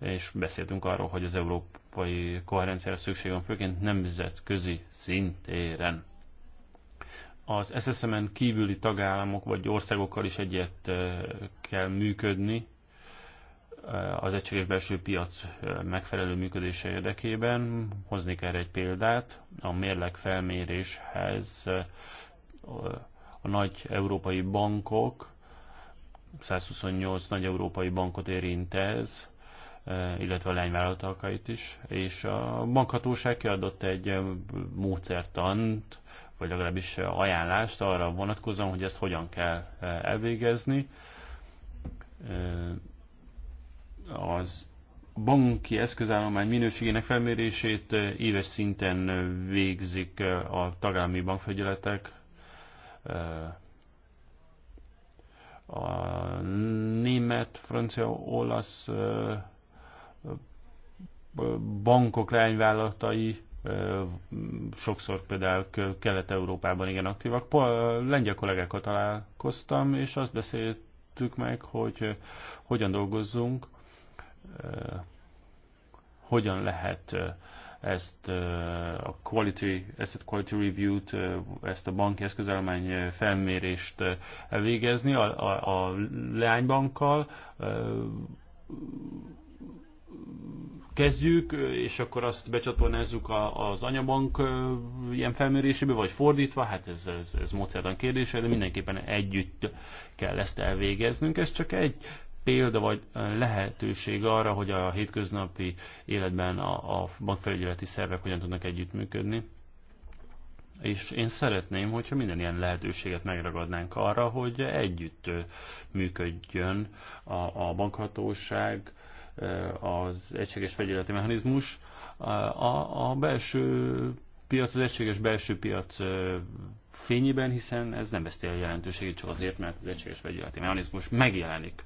és beszéltünk arról, hogy az európai koherenciára szükség van, főként nemzetközi szintéren. Az SSM-en kívüli tagállamok vagy országokkal is egyet kell működni, az egységes belső piac megfelelő működése érdekében. Hoznék erre egy példát. A mérleg felméréshez a nagy európai bankok, 128 nagy európai bankot érint ez, illetve a lányvállalatalkait is, és a bankhatóság kiadott egy módszertant, vagy legalábbis ajánlást arra vonatkozóan, hogy ezt hogyan kell elvégezni. Az banki eszközállomány minőségének felmérését éves szinten végzik a tagállami bankfegyeletek. a német, francia, olasz bankok leányvállalatai sokszor például Kelet-Európában igen aktívak. Lengyel kollégákkal találkoztam, és azt beszéltük meg, hogy hogyan dolgozzunk, hogyan lehet ezt a quality, asset quality review-t, ezt a banki eszközállomány felmérést elvégezni a, a, a leánybankkal, kezdjük, és akkor azt becsatornázzuk az anyabank ilyen felmérésébe, vagy fordítva, hát ez, ez, ez módszertan kérdése, de mindenképpen együtt kell ezt elvégeznünk. Ez csak egy példa vagy lehetőség arra, hogy a hétköznapi életben a, a bankfelügyeleti szervek hogyan tudnak együttműködni. És én szeretném, hogyha minden ilyen lehetőséget megragadnánk arra, hogy együtt működjön a, a bankhatóság, az egységes fegyeleti mechanizmus. A, a belső piac, az egységes belső piac fényében, hiszen ez nem veszti a jelentőségét csak azért, mert az egységes vegyületi mechanizmus megjelenik.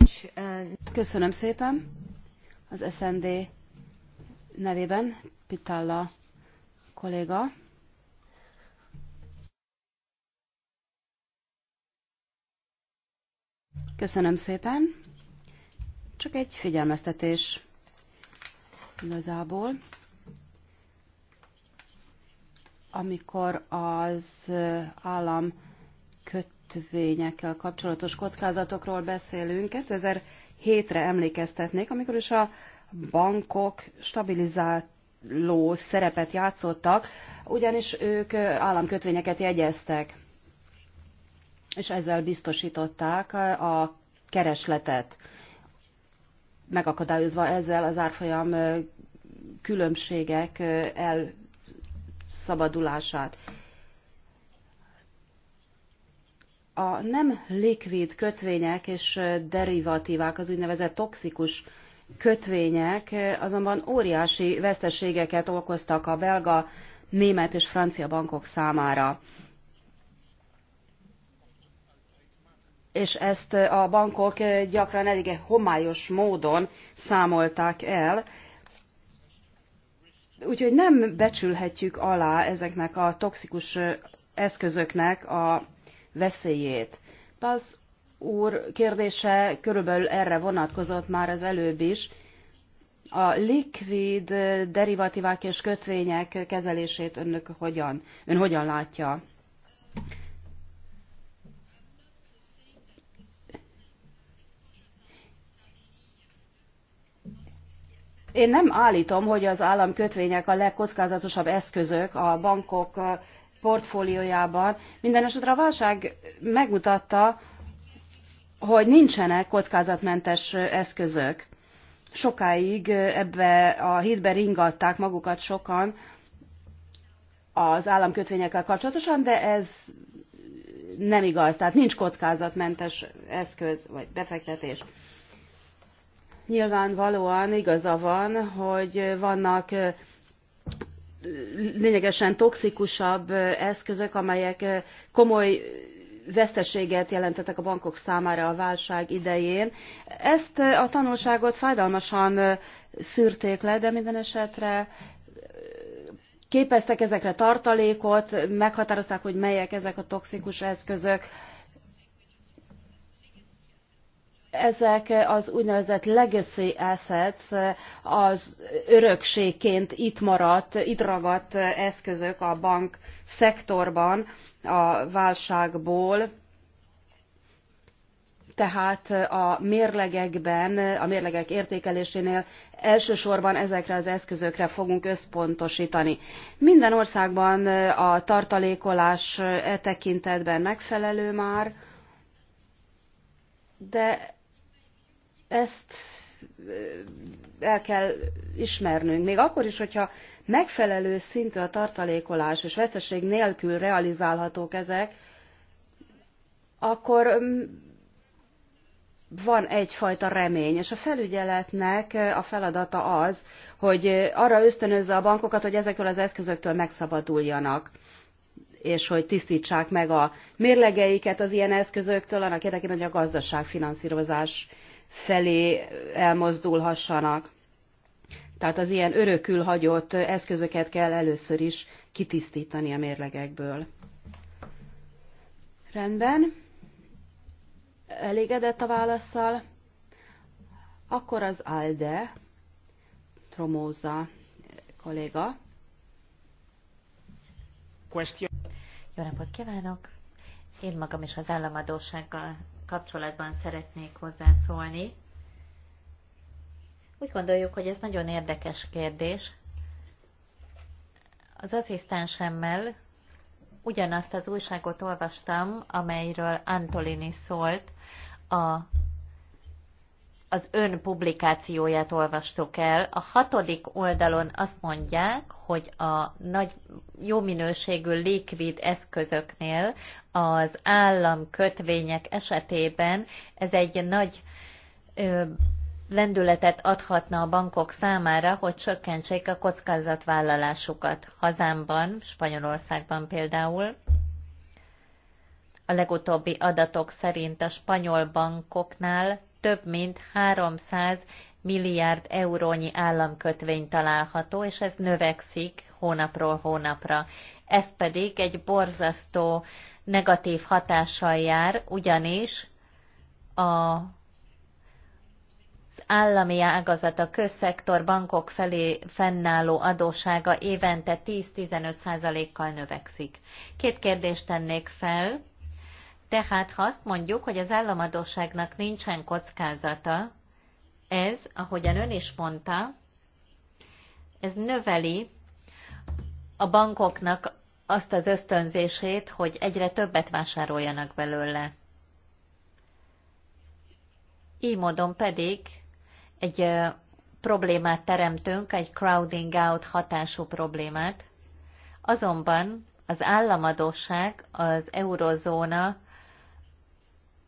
Köszönöm szépen az SND nevében, Pitalla kolléga. Köszönöm szépen. Csak egy figyelmeztetés igazából. Amikor az állam kötvényekkel kapcsolatos kockázatokról beszélünk, 2007-re emlékeztetnék, amikor is a bankok stabilizáló szerepet játszottak, ugyanis ők államkötvényeket jegyeztek, és ezzel biztosították a keresletet megakadályozva ezzel az árfolyam különbségek elszabadulását. A nem likvid kötvények és derivatívák, az úgynevezett toxikus kötvények azonban óriási veszteségeket okoztak a belga, német és francia bankok számára. és ezt a bankok gyakran elég homályos módon számolták el. Úgyhogy nem becsülhetjük alá ezeknek a toxikus eszközöknek a veszélyét. Pals úr kérdése körülbelül erre vonatkozott már az előbb is. A likvid derivatívák és kötvények kezelését önök hogyan, ön hogyan látja? Én nem állítom, hogy az államkötvények a legkockázatosabb eszközök a bankok portfóliójában. Minden esetre a válság megmutatta, hogy nincsenek kockázatmentes eszközök. Sokáig ebbe a hídbe ringatták magukat sokan az államkötvényekkel kapcsolatosan, de ez nem igaz. Tehát nincs kockázatmentes eszköz vagy befektetés. Nyilvánvalóan igaza van, hogy vannak lényegesen toxikusabb eszközök, amelyek komoly veszteséget jelentettek a bankok számára a válság idején. Ezt a tanulságot fájdalmasan szűrték le, de minden esetre képeztek ezekre tartalékot, meghatározták, hogy melyek ezek a toxikus eszközök, ezek az úgynevezett legacy assets az örökségként itt maradt, itt ragadt eszközök a bank szektorban a válságból, tehát a mérlegekben, a mérlegek értékelésénél elsősorban ezekre az eszközökre fogunk összpontosítani. Minden országban a tartalékolás e tekintetben megfelelő már, de ezt el kell ismernünk. Még akkor is, hogyha megfelelő szintű a tartalékolás, és veszteség nélkül realizálhatók ezek, akkor mm, van egyfajta remény, és a felügyeletnek a feladata az, hogy arra ösztönözze a bankokat, hogy ezektől az eszközöktől megszabaduljanak és hogy tisztítsák meg a mérlegeiket az ilyen eszközöktől, annak érdekében, hogy a gazdaság finanszírozás felé elmozdulhassanak. Tehát az ilyen örökül hagyott eszközöket kell először is kitisztítani a mérlegekből. Rendben. Elégedett a válaszsal? Akkor az ALDE, Tromóza kolléga. Question. Jó napot kívánok! Én magam is az államadósággal kapcsolatban szeretnék hozzászólni. Úgy gondoljuk, hogy ez nagyon érdekes kérdés. Az asszisztensemmel ugyanazt az újságot olvastam, amelyről Antolini szólt, a az ön publikációját olvastuk el. A hatodik oldalon azt mondják, hogy a nagy jó minőségű likvid eszközöknél az állam kötvények esetében ez egy nagy ö, lendületet adhatna a bankok számára, hogy csökkentsék a kockázatvállalásukat. Hazámban, Spanyolországban például, a legutóbbi adatok szerint a spanyol bankoknál több mint 300 milliárd eurónyi államkötvény található, és ez növekszik hónapról hónapra. Ez pedig egy borzasztó negatív hatással jár, ugyanis a állami ágazat a közszektor bankok felé fennálló adósága évente 10-15 százalékkal növekszik. Két kérdést tennék fel. Tehát ha azt mondjuk, hogy az államadóságnak nincsen kockázata, ez, ahogyan ön is mondta, ez növeli a bankoknak azt az ösztönzését, hogy egyre többet vásároljanak belőle. Így módon pedig egy problémát teremtünk, egy crowding out hatású problémát. Azonban az államadóság az eurozóna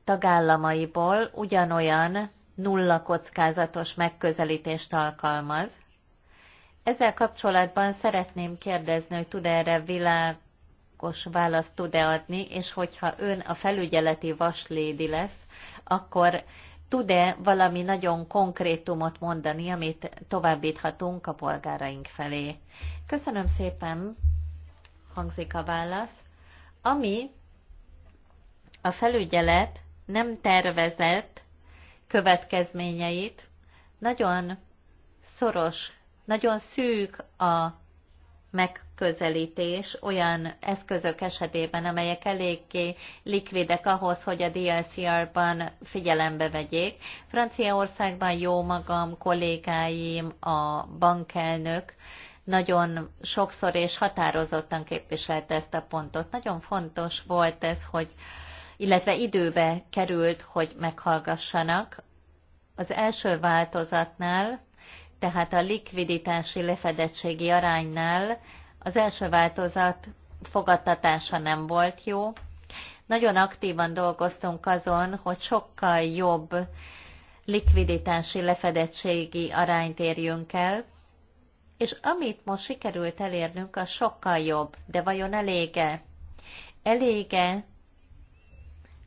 tagállamaiból ugyanolyan nulla kockázatos megközelítést alkalmaz. Ezzel kapcsolatban szeretném kérdezni, hogy tud -e erre világos választ tud-e adni, és hogyha ön a felügyeleti vaslédi lesz, akkor tud-e valami nagyon konkrétumot mondani, amit továbbíthatunk a polgáraink felé? Köszönöm szépen, hangzik a válasz. Ami a felügyelet nem tervezett következményeit, nagyon szoros, nagyon szűk a megközelítés olyan eszközök esetében, amelyek eléggé likvidek ahhoz, hogy a DLCR-ban figyelembe vegyék. Franciaországban jó magam, kollégáim, a bankelnök nagyon sokszor és határozottan képviselte ezt a pontot. Nagyon fontos volt ez, hogy illetve időbe került, hogy meghallgassanak. Az első változatnál, tehát a likviditási lefedettségi aránynál az első változat fogadtatása nem volt jó. Nagyon aktívan dolgoztunk azon, hogy sokkal jobb likviditási lefedettségi arányt érjünk el, és amit most sikerült elérnünk, az sokkal jobb, de vajon elége? Elége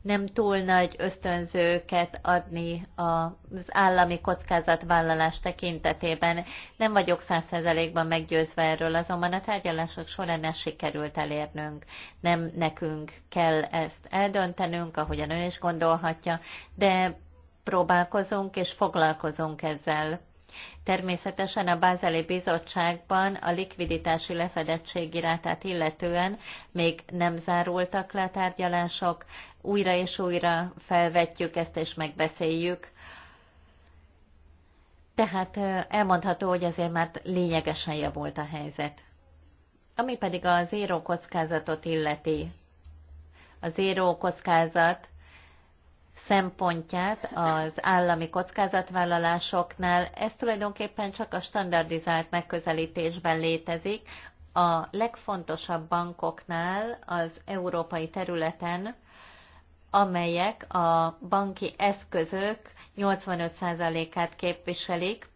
nem túl nagy ösztönzőket adni az állami kockázatvállalás tekintetében. Nem vagyok százszerzelékben meggyőzve erről, azonban a tárgyalások során ezt sikerült elérnünk. Nem nekünk kell ezt eldöntenünk, ahogyan ön is gondolhatja, de próbálkozunk és foglalkozunk ezzel. Természetesen a Bázeli Bizottságban a likviditási lefedettség rátát illetően még nem zárultak le a tárgyalások, újra és újra felvetjük ezt és megbeszéljük. Tehát elmondható, hogy azért már lényegesen javult a helyzet. Ami pedig a zéró kockázatot illeti. A zéró kockázat szempontját az állami kockázatvállalásoknál. Ez tulajdonképpen csak a standardizált megközelítésben létezik. A legfontosabb bankoknál az európai területen, amelyek a banki eszközök 85%-át képviselik,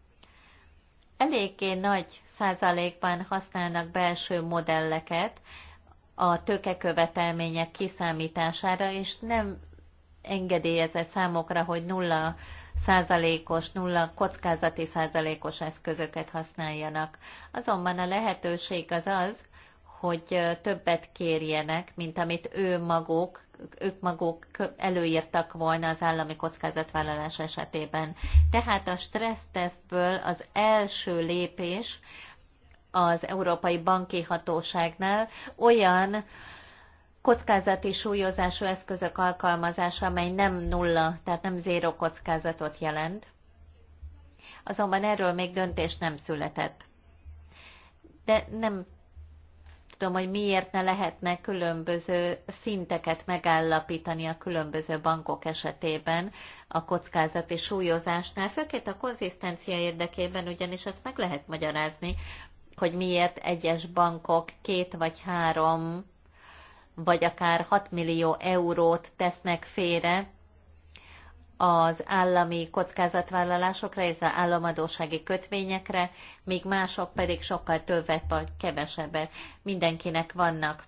eléggé nagy százalékban használnak belső modelleket a tőkekövetelmények kiszámítására, és nem engedélyezett számokra, hogy nulla százalékos, nulla kockázati százalékos eszközöket használjanak. Azonban a lehetőség az az, hogy többet kérjenek, mint amit ő maguk, ők maguk előírtak volna az állami kockázatvállalás esetében. Tehát a stressztesztből az első lépés az Európai Banki Hatóságnál olyan kockázati súlyozású eszközök alkalmazása, amely nem nulla, tehát nem zéró kockázatot jelent. Azonban erről még döntés nem született. De nem tudom, hogy miért ne lehetne különböző szinteket megállapítani a különböző bankok esetében a kockázati súlyozásnál, főként a konzisztencia érdekében, ugyanis azt meg lehet magyarázni, hogy miért egyes bankok két vagy három vagy akár 6 millió eurót tesznek félre az állami kockázatvállalásokra, illetve államadósági kötvényekre, míg mások pedig sokkal többet vagy kevesebbet. Mindenkinek vannak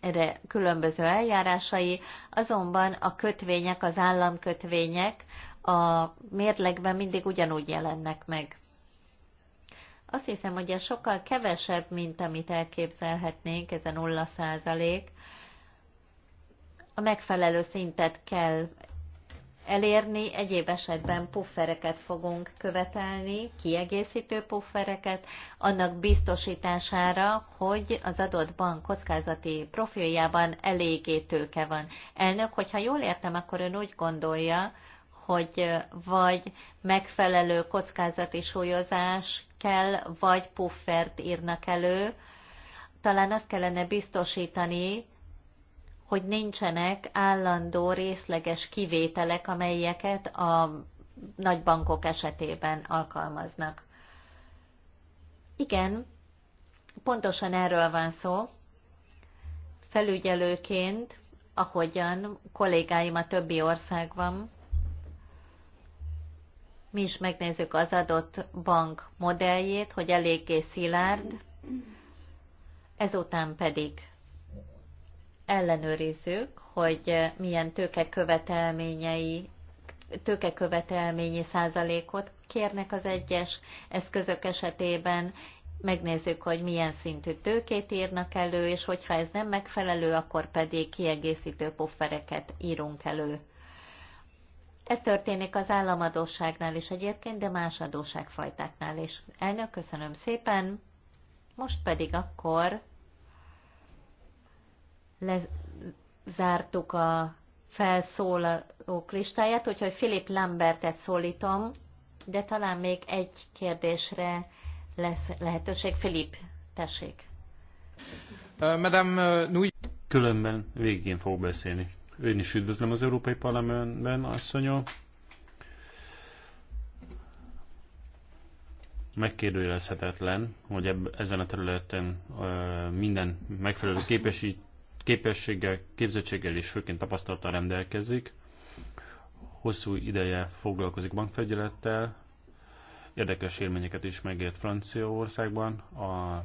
erre különböző eljárásai, azonban a kötvények, az államkötvények a mérlegben mindig ugyanúgy jelennek meg. Azt hiszem, hogy ez sokkal kevesebb, mint amit elképzelhetnénk, ez a nulla százalék. A megfelelő szintet kell elérni, egyéb esetben puffereket fogunk követelni, kiegészítő puffereket, annak biztosítására, hogy az adott bank kockázati profiljában eléggé tőke van. Elnök, hogyha jól értem, akkor ön úgy gondolja, hogy vagy megfelelő kockázati súlyozás kell, vagy puffert írnak elő. Talán azt kellene biztosítani, hogy nincsenek állandó részleges kivételek, amelyeket a nagybankok esetében alkalmaznak. Igen, pontosan erről van szó. Felügyelőként, ahogyan kollégáim a többi országban, mi is megnézzük az adott bank modelljét, hogy eléggé szilárd, ezután pedig ellenőrizzük, hogy milyen tőkekövetelményei, tőkekövetelményi százalékot kérnek az egyes eszközök esetében, megnézzük, hogy milyen szintű tőkét írnak elő, és hogyha ez nem megfelelő, akkor pedig kiegészítő puffereket írunk elő. Ez történik az államadóságnál is egyébként, de más adóságfajtáknál is. Elnök, köszönöm szépen. Most pedig akkor lezártuk a felszólalók listáját, úgyhogy Filip Lambertet szólítom, de talán még egy kérdésre lesz lehetőség. Filip, tessék. Madame Nui. Különben végén fog beszélni. Én is üdvözlöm az Európai Parlamentben, asszonyom. Megkérdőjelezhetetlen, hogy eb- ezen a területen ö, minden megfelelő képesi, képességgel, képzettséggel és főként tapasztalattal rendelkezik. Hosszú ideje foglalkozik bankfegyelettel, érdekes élményeket is megért Franciaországban. A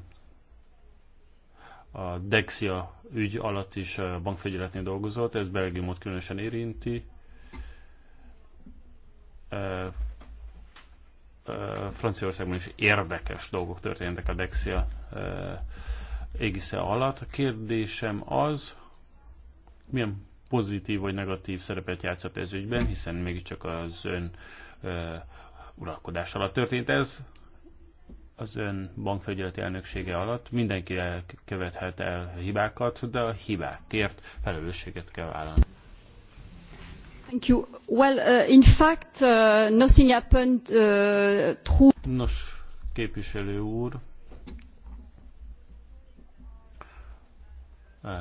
a Dexia ügy alatt is bankfegyeletnél dolgozott, ez Belgiumot különösen érinti. Franciaországban is érdekes dolgok történtek a Dexia égisze alatt. A kérdésem az, milyen pozitív vagy negatív szerepet játszott ez ügyben, hiszen mégiscsak az ön uralkodás alatt történt ez az ön bankfelügyeleti elnöksége alatt mindenki követhet el hibákat, de a hibákért felelősséget kell vállalni. Thank you. Well, uh, in fact, uh, nothing happened uh, through... Nos, képviselő úr, uh,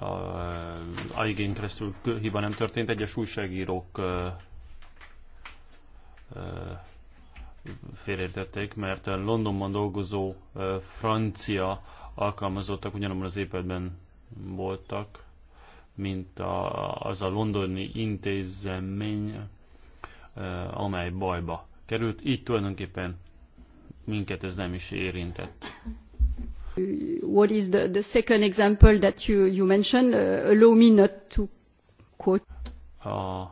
uh, aig keresztül hiba nem történt, egyes újságírók uh, uh, félreértették, mert Londonban dolgozó francia alkalmazottak ugyanabban az épületben voltak, mint a, az a londoni intézmény, amely bajba került. Így tulajdonképpen minket ez nem is érintett. What is the, the second example that you, you mentioned? Uh, allow me not to quote. A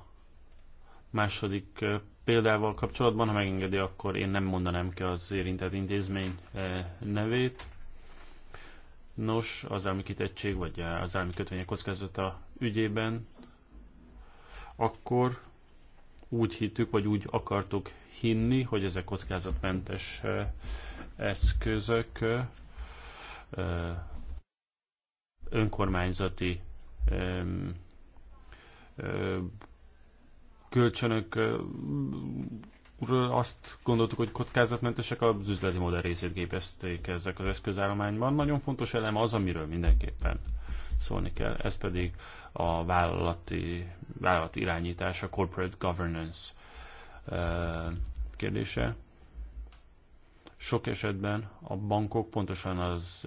második példával kapcsolatban, ha megengedi, akkor én nem mondanám ki az érintett intézmény eh, nevét. Nos, az állami kitettség, vagy az állami kötvények kockázata ügyében, akkor úgy hittük, vagy úgy akartuk hinni, hogy ezek kockázatmentes eh, eszközök eh, önkormányzati kölcsönök azt gondoltuk, hogy kockázatmentesek, az üzleti modell részét képezték ezek az eszközállományban. Nagyon fontos elem az, amiről mindenképpen szólni kell, ez pedig a vállalati, vállalati irányítás, a corporate governance kérdése. Sok esetben a bankok pontosan az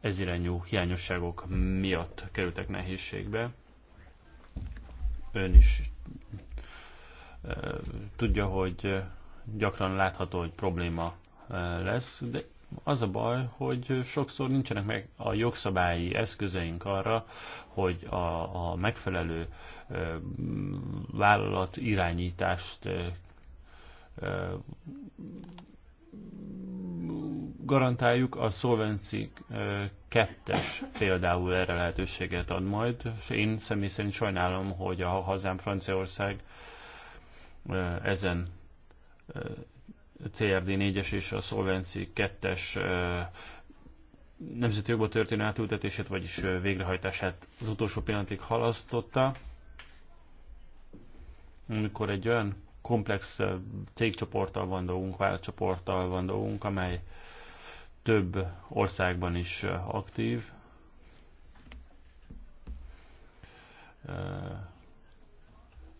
ezirányú hiányosságok miatt kerültek nehézségbe. Ön is tudja, hogy gyakran látható, hogy probléma lesz, de az a baj, hogy sokszor nincsenek meg a jogszabályi eszközeink arra, hogy a, a megfelelő vállalat irányítást garantáljuk, a Solvency 2-es például erre lehetőséget ad majd, és én személy szerint sajnálom, hogy a hazám Franciaország ezen CRD 4-es és a Solvency 2-es nemzeti jogba történő átültetését, vagyis végrehajtását az utolsó pillanatig halasztotta, amikor egy olyan komplex cégcsoporttal van dolgunk, vállalatcsoporttal van dolgunk, amely több országban is aktív.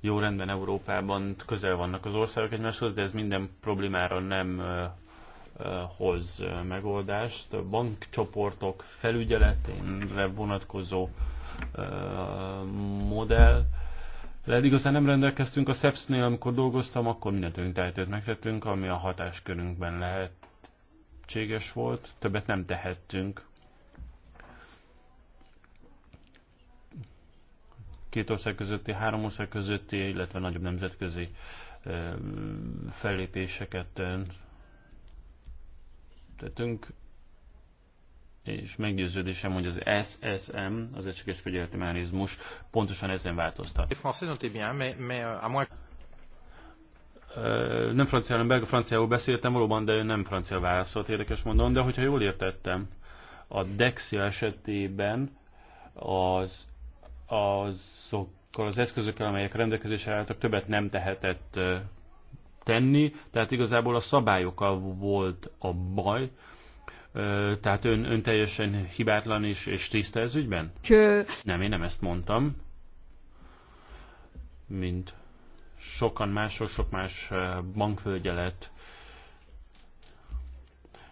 Jó rendben Európában közel vannak az országok egymáshoz, de ez minden problémára nem hoz megoldást. Bankcsoportok felügyeletére vonatkozó modell de igazán nem rendelkeztünk a SEPS-nél, amikor dolgoztam, akkor mindent tehetőt megtettünk, ami a hatáskörünkben lehetséges volt, többet nem tehettünk. Két ország közötti, három ország közötti, illetve nagyobb nemzetközi fellépéseket tettünk és meggyőződésem, hogy az SSM, az Egységes fegyelmi Mechanizmus pontosan ezen változtat. Euh, nem francia, hanem belga franciául beszéltem valóban, de ő nem francia válaszolt, érdekes mondom, de hogyha jól értettem, a Dexia esetében az, azokkal az eszközökkel, amelyek rendelkezésre álltak, többet nem tehetett tenni, tehát igazából a szabályokkal volt a baj, tehát ön, ön teljesen hibátlan és, és tiszta ez ügyben? Kö... Nem, én nem ezt mondtam. Mint sokan mások, sok más bankfölgyelet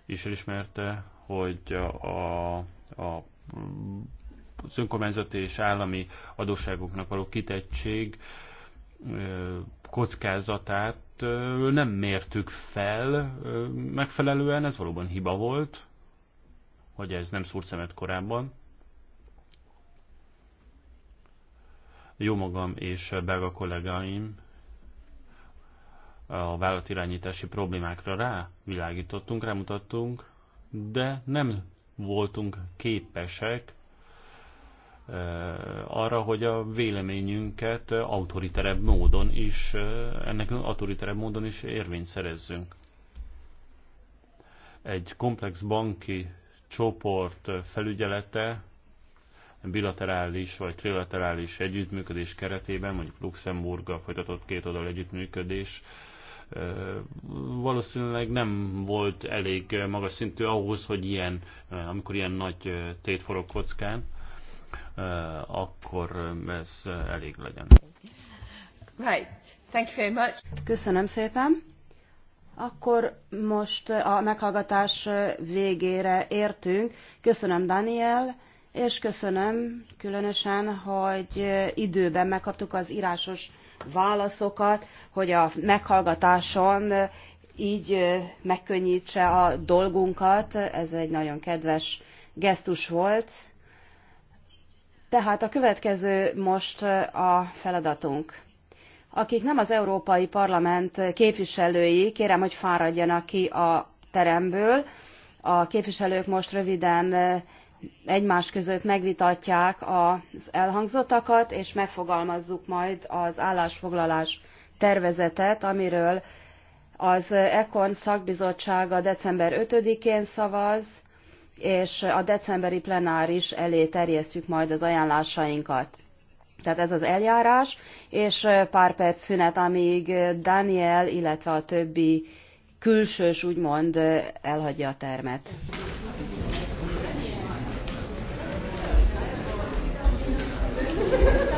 is elismerte, hogy a, a az önkormányzati és állami adósságoknak való kitettség kockázatát nem mértük fel megfelelően, ez valóban hiba volt hogy ez nem szúrt szemet korábban. Jó magam és belga kollégáim a vállalatirányítási problémákra rávilágítottunk, rámutattunk, de nem voltunk képesek eh, arra, hogy a véleményünket autoriterebb módon is, eh, ennek autoriterebb módon is érvényt szerezzünk. Egy komplex banki csoport felügyelete bilaterális vagy trilaterális együttműködés keretében, mondjuk Luxemburga folytatott két oldal együttműködés, valószínűleg nem volt elég magas szintű ahhoz, hogy ilyen, amikor ilyen nagy tét forog kockán, akkor ez elég legyen. Right. Thank you very much. Köszönöm szépen. Akkor most a meghallgatás végére értünk. Köszönöm, Daniel, és köszönöm különösen, hogy időben megkaptuk az írásos válaszokat, hogy a meghallgatáson így megkönnyítse a dolgunkat. Ez egy nagyon kedves gesztus volt. Tehát a következő most a feladatunk. Akik nem az Európai Parlament képviselői, kérem, hogy fáradjanak ki a teremből. A képviselők most röviden eh, egymás között megvitatják az elhangzottakat, és megfogalmazzuk majd az állásfoglalás tervezetet, amiről az ECON szakbizottsága december 5-én szavaz, és a decemberi plenáris elé terjesztjük majd az ajánlásainkat. Tehát ez az eljárás, és pár perc szünet, amíg Daniel, illetve a többi külsős úgymond elhagyja a termet. Thank you.